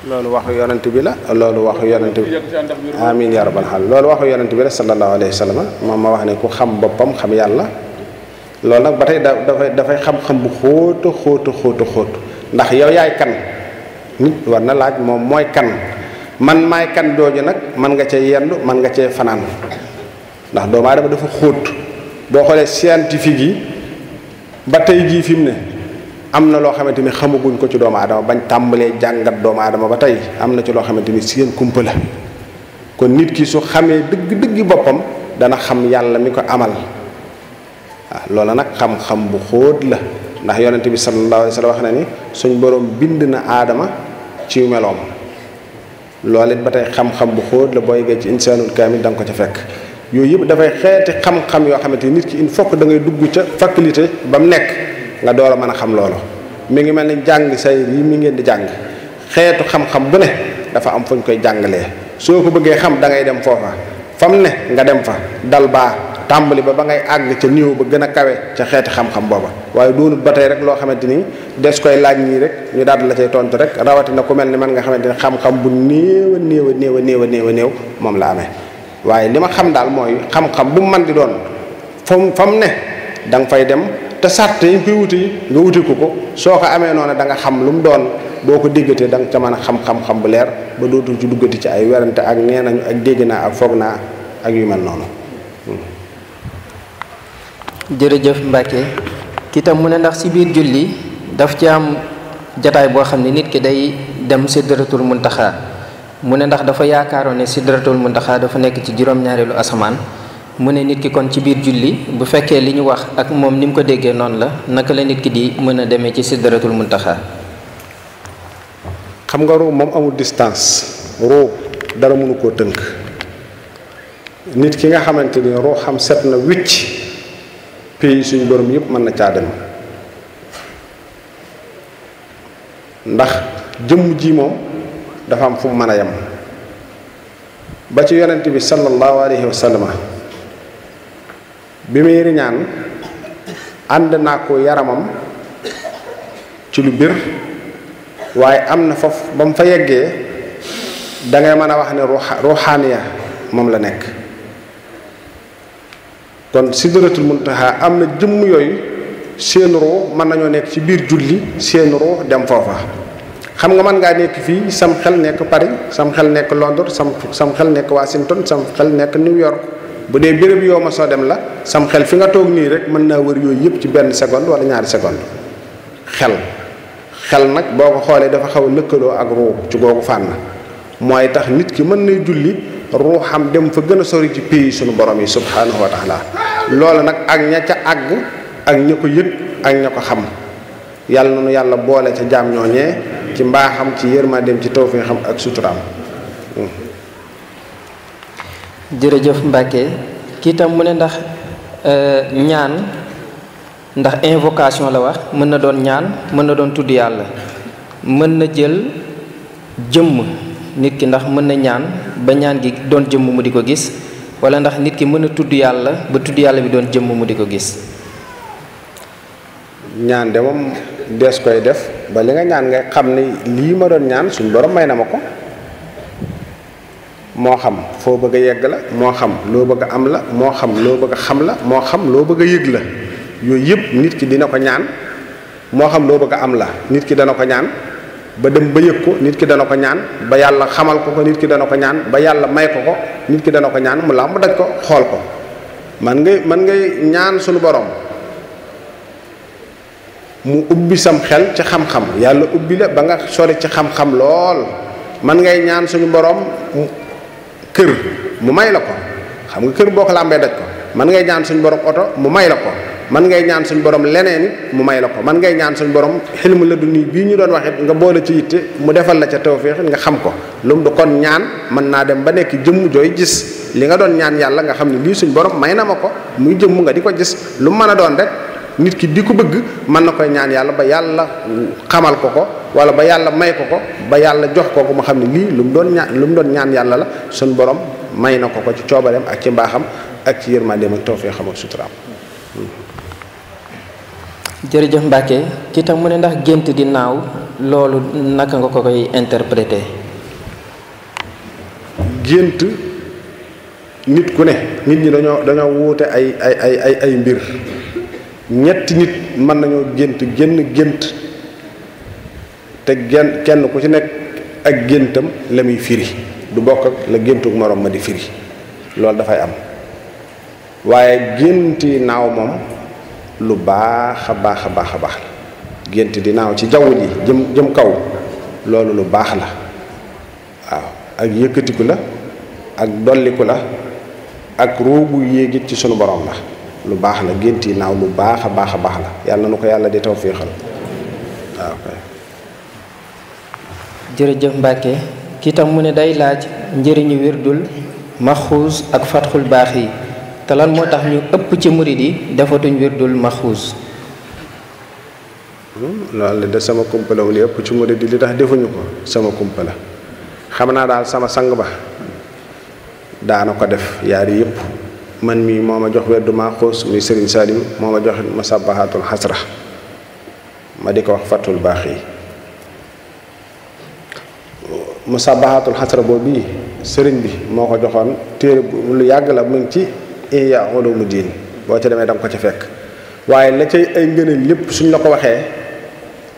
lolu waxu yonent bi la lolu waxu yonent bi amin ya rabbal xal lolu waxu yonent bi sallallahu alayhi wasallam mom ma wax ne ku xam bopam xam yàlla loolu nag ba tey da fay xam-xam bu xoto xoto xoto xoto ndax yow yaay kan nit war na laaj mom moy kan man may kan jooju nak man nga ci yendu man nga ci fanan ndax do ma dafa xoto boo xoolee scientifique yi ba tey jii fi mu ne am na loo xamante ni xamaguñ ko ci doomu aadama bañ tàmbalee jàngat doomu aadama ba tey am na ci loo xamante ni seen kumpa la kon nit ki su xamee dëgg dëgg boppam dana xam yàlla mi ko amal waaw ah, loola nag xam-xam bu xóot la ndax yonent bi sallallahu alayhi wa wax na ni suñ borom bind na aadama ci meloom loolu it ba tey xam-xam bu xóot la boo yeggee ci insaanul kaamil danga ko ca fekk yooyu yëpp dafay xeeti xam-xam yoo xamante ni nit ki il faut que da ngay dugg ca faculté ba mu nekk nga door a mën a xam loolu mi ngi mel ni jàng say yi mi ngeen di jàng xeetu xam-xam bu ne dafa am fu ñu koy jàngalee soo ko bëggee xam dangay dem foofa fam ne nga dem fa dal baa tàmbali ba ba ngay àgg ca niveau ba gën a kawe ca xeeti xam-xam booba waaye doonut ba tey rek loo xamante ni des koy laaj ñii rek ñu daal la cay tontu rek rawatina ku mel ni man nga xamante ni xam-xam bu néew a néew a néew a néew a néew moom la waye lima xam dal moy xam-xam bu man di don fam fam ne dang fay dem te sart yi fi wuti nga wuti ko ko soko amé non da nga xam lum don boko boo dang déggatee da ca mën xam-xam-xam bu leer ba dootul ci duggati ci ay werante ak nenañu ak dégg ak fogna ak yu mel jere jeuf Mbacke ki tam ndax ci biir julli daf ci am jotaay bo xamni nit ki day dem sidratul muntaha mune ndax dafa yaakaaroon sidratul muntaha dafa nekk ci juróom-ñaareelu asamaan mu ne nit ki kon ci biir julli bu fekkee li ñu wax ak moom ni mu ko déggee noonu la naka la nit ki di mën a ci sidratul muntaha xam nga roo moom amul distance roo dara mënu koo tënk nit ki nga xamante ni roo xam set na wicc pays suñu borom yëpp mën na caa dem ndax jëmm ji moom dafa am fu mu mën a yem ba ci yonent bi sallallahu alayhi wa sallam bi muy riñaan ànd naa ko yaramam ci lu bir waaye am na foofu ba mu fa yeggee da ngay mën wax ne ruhaniya moom la nekk kon sidratul muntaha am na jëmm yooyu seen roo mën nañoo nekk ci biir julli seen dem foofa xam nga mën ngaa nekk fii sam xel nekk Paris sam xel nekk Londres sam sam xel nekk Washington sam xel nekk New York bu dee béréb yoo ma soo dem la sam xel fi nga toog nii rek mën naa war yooyu yëpp ci benn seconde wala ñaari seconde xel xel nag boo ko xoolee dafa xaw a lëkkaloo ak ruux ci googu fànn mooy tax nit ki mën nay julli ruuxam dem fa gën a sori ci pays suñu borom yi subhanahu wa taala loolu nag ak ña ca àgg ak ña ko yëg ak ña ko xam yàlla yàlla boole ca jaam ñooñee ci mbaaxam ci yërmaa dem ci tawfee xam ak suturaam jërëjëf mbake ki tam mune ndax nyan, euh, ñaan ndax invocation la wax mën na doon ñaan mën na doon tudd yàlla jël jëm nit ki ndax ñaan ba ñaan gi doon jëm mu di gis wala ndax nit ki mën tuddi yalla ba tuddi yalla bi doon jëm mu diko gis ñaan de des koy def ba li nga ñaan nga xam ni lii ma doon ñaan suñ borom may na ma xam fo bëgg yegg la mo xam lo bëgg am la mo xam lo bëgg xam la mo xam lo bëgg yegg la yoy yeb nit ki dina ko ñaan mo xam lo bëgg am la nit ki dana ko ñaan ba dem ba yekko nit ki dana ko ñaan ba yalla xamal ko ko nit ki dana ko ñaan ba yalla may ko ko nit ki dana ko ñaan mu lamb daj ko xol ko man ngay man ngay ñaan suñu borom mu ubbi sam xel ci xam-xam yalla ubbi la ba nga sori ci xam-xam lol man ngay ñaan suñu borom keur mu may la ko xam nga keur boko lambe dekk man ngay ñaan suñu borom auto mu may la ko man ngay ñaan suñu borom leneen mu may la ko man ngay ñaan suñu borom xilmu la duni bi ñu doon waxe nga boole ci yitte mu defal la ci tawfiix nga xam ko lum du kon ñaan man na dem ba nek jëm joy gis li nga doon ñaan yalla nga xam ni lii suñu borom may na mako ko muy jëm nga di ko gis lu mana a doon rek nit ki di ko bëgg mën na koy ñaan yàlla ba yàlla xamal ko ko wala ba yàlla may ko ko ba yàlla jox ko ko mu xam ne lii lu mu doon ñaan lu mu doon ñaan yàlla la suñ borom may na ko ko ci coobareem ak ci mbaaxam ak ci yërmandeem ak tawfeexam ak suturaam. jërëjëf Mbacke ki tam mu ne ndax gént di naaw loolu naka nga ko koy interpréter. gént nit ku ne nit ñi dañoo dañoo wuute ay ay ay ay ay mbir. ñetti nit mën nañoo gént génn gént te genn kenn ku ci nekk ak géntam la muy firi du bokk ak la géntug moroom ma di firi loolu dafay am waaye génti naaw moom lu baax a baax a baax a baax la gént di naaw ci jaww yi jëm jëm kaw loolu lu baax la waaw ak yëkkatiku la ak dolliku la ak roobu yéegit ci sunu borom la lu baax la genti yi naaw lu baax a baax la yalla nuko yalla di taw féexal jere jeuf mbake ki tam mune day laaj njëriñu wirdul makhuz ak fathul baax te lan motax ñu upp ci defatuñ wirdul hmm, de sama kumpala la yepp ci murid li tax defuñu ko sama kumpala. xamna dal sama sang ba daana def yaari yepp man mii moo ma jox weddu maa xuus muy sëriñ Salim moo ma jox ma sàbbahaatul xasra ma di ko wax fàttul baax yi mu sàbbahaatul xasra boobu bii sëriñ bi moo ko joxoon téere lu yàgg la mu ngi ci iya ulumu diin boo ci demee danga ko ci fekk waaye la cay ay ngëneel lépp suñ la ko waxee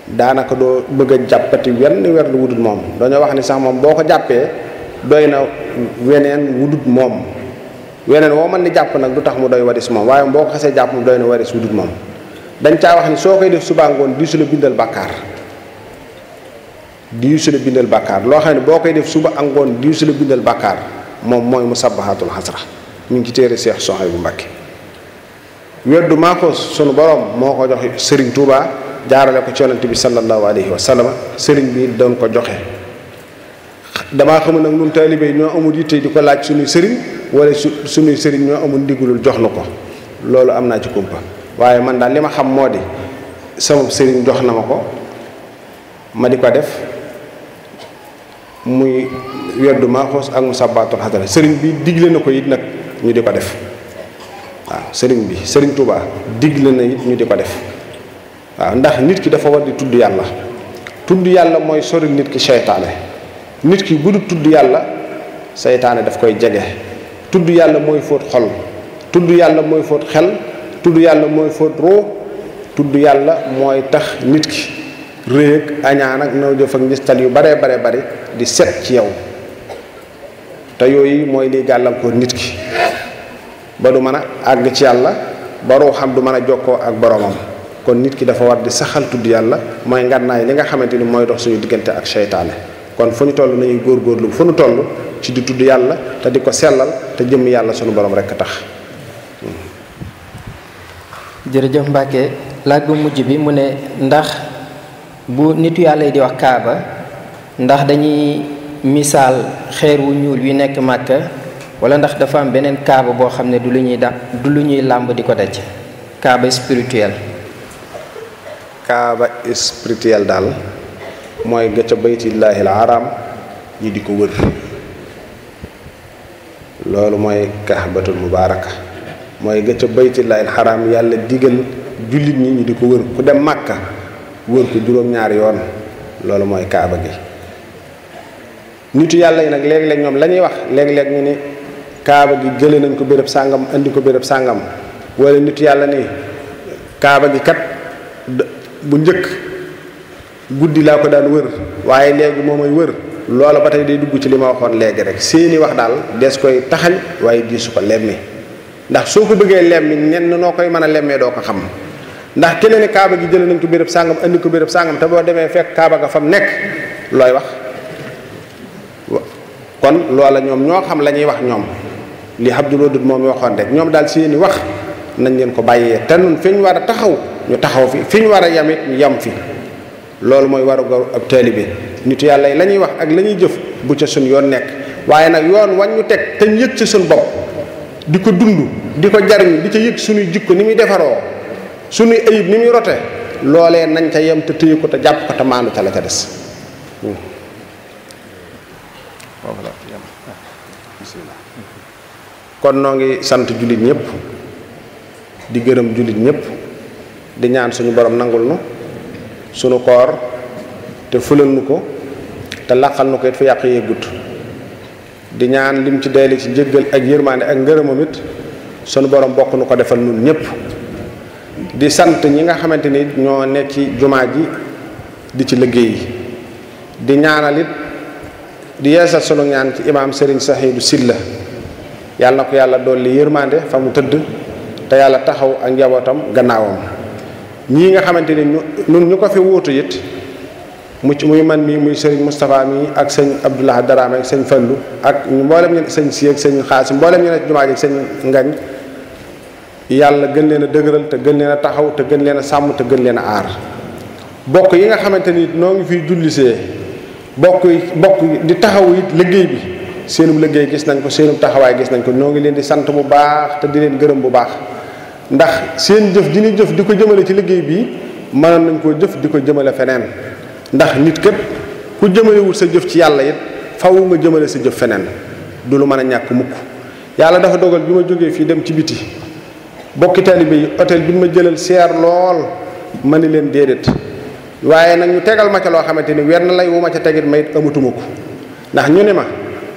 daanaka doo bëgg jàppati wenn wer lu wudut moom dañoo wax ni sax moom boo ko jàppee doy na weneen wudut moom weneen woo mën ni jàpp nag du tax mu doy waris moom waaye boo ko xasee jàpp mu doy na waris wudut moom dañ caa wax ni soo koy def subaa ngoon diisu la bindal bàkkaar diisu la bindal bàkkaar loo xam ne boo koy def suba ak ngoon diisu la bindal bàkkaar moom mooy mu sabaxaatul xasra mu ngi ci téere seex soxay bu mbakki weddu maa ko sunu borom moo ko joxe sëriñ Touba jaarale ko ci yonante bi sallallahu alayhi wa sallam sëriñ bi doon ko joxe damaa xamul nag nun taalibe yi ñoo amul yitte di ko laaj suñuy sëriñ wala su suñuy sëriñ ñoo amul ndigalul jox na ko loolu am naa ci kumpa waaye man daal li ma xam moo di sama sëriñ jox na ma ko ma di ko def muy weddu maaxoos ak mu sabbaatul xadara sëriñ bi digle na ko it nag ñu di ko def waaw sëriñ bi sëriñ Touba digle na it ñu di ko def waaw ndax nit ki dafa war di tudd yàlla tudd yàlla mooy sori nit ki seytaane nit ki budu tuddu yalla yàlla daf koy jege tuddu yalla moy fot xol tuddu yalla moy fot xel tuddu yalla moy fot ro tuddu yalla moy tax nit ki réeg añaan ak naw jëf ak ngistal yu bare bare bare di set ci yow yoy moy li galam ko nit ki ba du mana ag ci yalla ba ro xam du mën joko ak boromam kon nit ki dafa war di saxal tuddu yalla moy ngannaay li nga xamanteni moy dox suñu digënté ak shaytané kon fu ñu toll nañuy góorgóorlu fu ñu toll ci di tudd yàlla te di ko sellal te jëm yàlla sunu borom rekk tax jërëjëf Mbacke laaj bu mujj bi mu ne ndax bu nitu yàlla di wax kaaba ndax dañuy misaal xeer wu ñuul wi nekk màkka wala ndax dafa am beneen kaaba boo xam ne du lu ñuy da lu ñuy làmb di ko daj kaaba spirituel kaaba spirituel daal mooy ga ca baytillaahil haram ñi di ko wër loolu mooy kaxbatul mubaaraka mooy ga ca baytillaahil haram yàlla digal jullit ñi ñi di ko wër ku dem màkka wër ko juróom-ñaari yoon loolu mooy kaaba gi nitu yàlla yi nag léeg ñoom lañuy wax léeg-léeg ñu ni kaaba gi jële nañ ko béréb sàngam indi ko béréb sàngam wala nitu yàlla ni kaaba gi kat bu njëkk guddi laa ko daan wër waaye léegi moom may wër loola ba tey day dugg ci li ma waxoon léegi rek seeni wax daal des koy taxañ waaye di su ko lemmi ndax soo ko bëggee lemmi nen noo koy mën a lemmee doo ko xam ndax ki kaaba gi jëlee nañ ko béréb sàngam indi ko béréb sàngam te boo demee fekk kaaba ga fam nekk looy wax kon loola ñoom ñoo xam la ñuy wax ñoom li Abdul Wadud moom waxoon rek ñoom daal seeni wax nañ leen ko bàyyee te nun fi ñu war a taxaw ñu taxaw fi fi ñu war a yamit ñu yam fi loolu mooy warugaru ab taalibe nitu yàlla yi la wax ak lañuy jëf bu ca suñ yoon nekk waaye nag yoon wañ ñu teg te yëg ci suñ bopp di ko dund di ko jariñ di ca yëg suñuy jikko ni muy defaroo suñuy ayib ni muy rote loolee nañ ca yem te téye ko te jàpp ko te maandu ca la ca des hmm. kon noo ngi sant jullit ñëpp di gërëm jullit ñëpp di ñaan suñu boroom nangul nu sunu koor te fulal nu ko te laqal nu ko it fu yàq yeggut di ñaan lim ci dayli ci njëggal ak yërmaande ak ngërëmam it sunu borom bokk nu ko defal nun ñëpp di sant ñi nga xamante ni ñoo nekk ci jumaa ji di ci liggéey yi di ñaanal it di yeesal sunu ñaan ci imaam Serigne Sahidou la yàlla na ko yàlla dolli yërmaande fa mu tëdd te yàlla taxaw ak njabootam gannaawam ñii nga xamante ni ñun ñu ko fi wuutu it mu ci muy man mii muy sëriñ Moustapha mii ak sëñ Abdoulaye Darame ak sëñ Fallou ak mboolem ñu sëñ Si ak sëñ Xaasim mboolem ñu ne jumaa gi ak Ngañ yàlla gën leen a dëgëral te gën leen a taxaw te gën leen a sàmm te gën leen a aar bokk yi nga xamante ni noo ngi fiy jullisee bokk bokk di taxaw it liggéey bi seenum liggéey gis nañ ko seenum taxawaay gis nañ ko noo ngi leen di sant bu baax te di leen gërëm bu baax ndax seen jëf ji ñu jëf di ko jëmale ci liggéey bi mënoon nañ koo jëf di ko jëmale feneen ndax nit képp ku jëmalewul sa jëf ci yàlla it faw nga jëmale sa jëf feneen du lu mën a ñàkk mukk yàlla dafa dogal bi ma jógee fii dem ci biti bokki taalibe yi hôtel bi ma jëlal seer lool ma ni leen déedéet waaye nag ñu tegal ma ca loo xamante ni wenn lay wu ma ca tegit ma it amatuma ko ndax ñu ne ma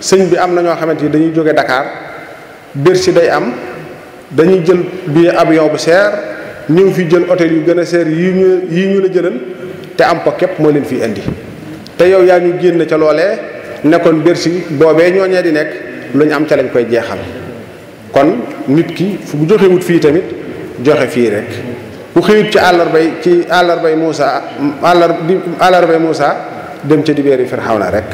sëñ bi am na ñoo xamante ni dañuy jóge Dakar si day am dañuy jël billet avion bu seer ñëw fi jël hôtel yu gën a seer yi ñu yii ñu la jëlal te am ko képp moo leen fi indi te yow yaa ñu génn ca loolee nekkoon Bercy boobee ñooñee di nekk lu ñu am ca lañ koy jeexal kon nit ki fu bu joxewut fii tamit joxe fii rek ku xëyut ci àllarbay ci àllarbay Moussa àllar di àllarbay Moussa dem ca dibéeri Firxawna rek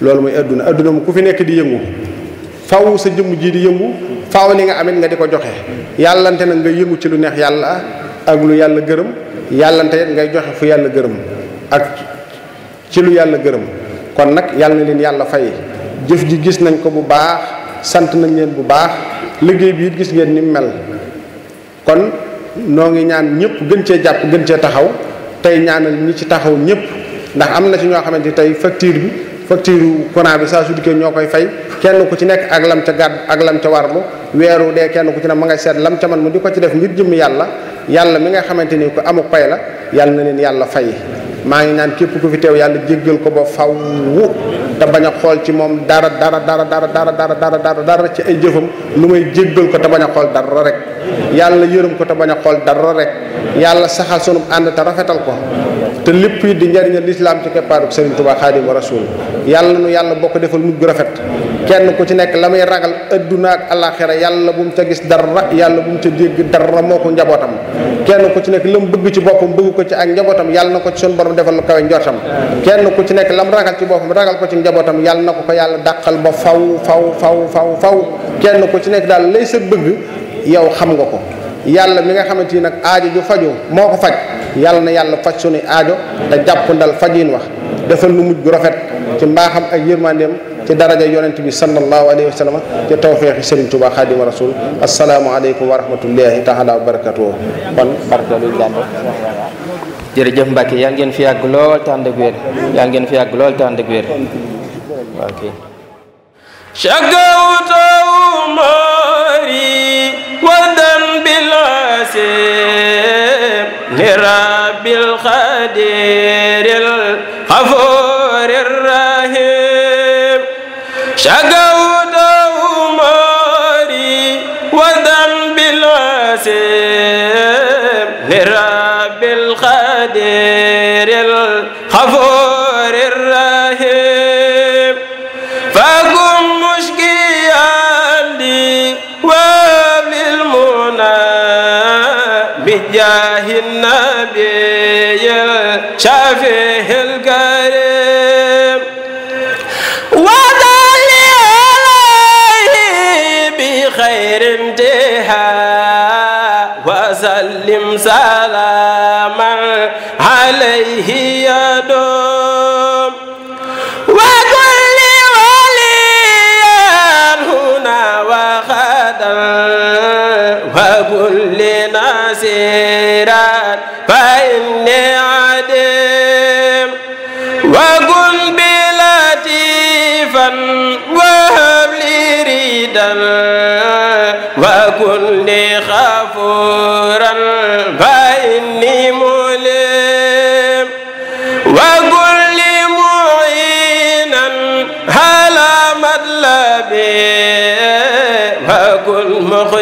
loolu mooy adduna àdduna mu ku fi nekk di yëngu faw sa jëmm ji di yëngu faaw li nga amit nga di ko joxe yàllante nag ngay yëngu ci lu neex yàlla ak lu yàlla gërëm yàllante ngay joxe fu yàlla gërëm ak ci lu yàlla gërëm kon nag yàlla na leen yàlla fay jëf ji gis nañ ko bu baax sant nañ leen bu baax liggéey bi it gis ngeen ni mel kon noo ngi ñaan ñëpp gën cee jàpp gën cee taxaw tey ñaanal ñi ci taxaw ñëpp ndax am na ci ñoo xamante ni tey facture bi facture courant bi saa su dikkee ñoo koy fay kenn ku ci nekk ak lam ca gàdd ak lam ca warlu weeru dee kenn ku ci ne ma ngay seet lam ca man mu di ko ci def ngir jëmm yàlla yàlla mi ngay xamante ni ko amuk pay la yàlla na leen yàlla fay maa ngi ñaan képp ku fi teew yàlla jéggal ko ba faw te bañ a xool ci moom dara dara dara dara dara dara dara dara ci ay jëfam lu may jéggal ko te bañ a xool dara rek yàlla yërëm ko te bañ a xool dara rek yàlla saxal sunu ànd te rafetal ko te lépp yi di njariñal lislaam ci keppaaru Sëriñ Tuubaa Xaadimu Rasuul yàlla na nu yàlla bokk defal mujj gu rafet kenn ku ci nekk la muy ragal adduna ak alaxira yàlla bu mu ca gis dara yàlla bu mu ca dégg dara moo ko njabootam kenn ku ci nekk la mu bëgg ci boppam bëgg ko ci ak njabootam yàlla na ko ci suñu borom defal lu kawe njortam kenn ku ci nekk la ragal ci boppam ragal ko ci njabootam yàlla na ko ko yàlla dàqal ba faw faw faw faw faw kenn ku ci nekk daal lay sa bëgg yow xam nga ko yàlla mi nga xamante ni nag aajo ju faju moo ko faj yàlla na yàlla faj suñu aajo te jàpp ndal fajin wax defal nu mujj gu rafet ci mbaxam ak yermandem ci daraja yonnati bi sallallahu alayhi wasallam, sallam ci tawfeexi sëriñ tuba xaadima rasul Assalamu wa rahmatullahi taala wa barakatuhu kon barke luy jere jeuf mbake ya ngeen fi yag lol tànd ak wér yaa ngeen fi yàgg lool tànd ak wér ok bil أمري nira bil khadir al hafu Shagam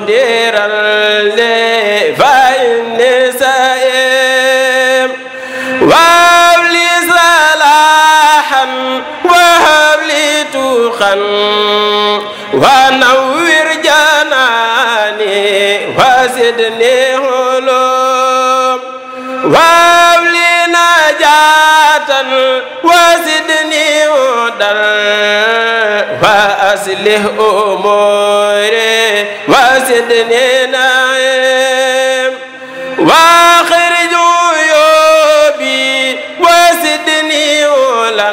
مقدرا لي فإني سائم وهب لي صلاحا وهب لي توخا ونور جناني وزدني هلوم وهب لي نجاة وزدني هدى وأصلح أمور وزدني نعيم واخرج يوبي وزدني على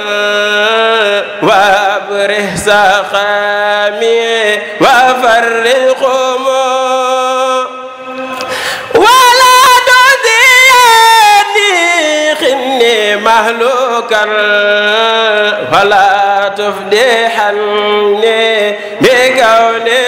وابره سخامي وافرق مهلوكا ولا تفدحني بكوني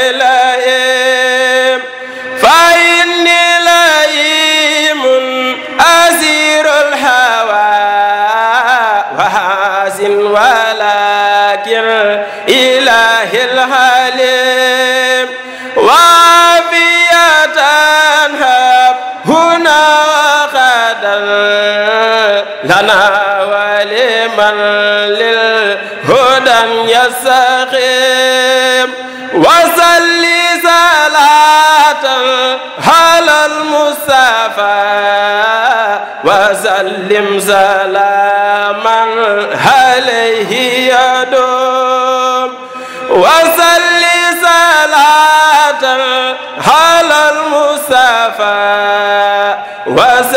هل المصطفى وسلم سلاما عليه يدوم وسلم صلاة على المصطفى وسلم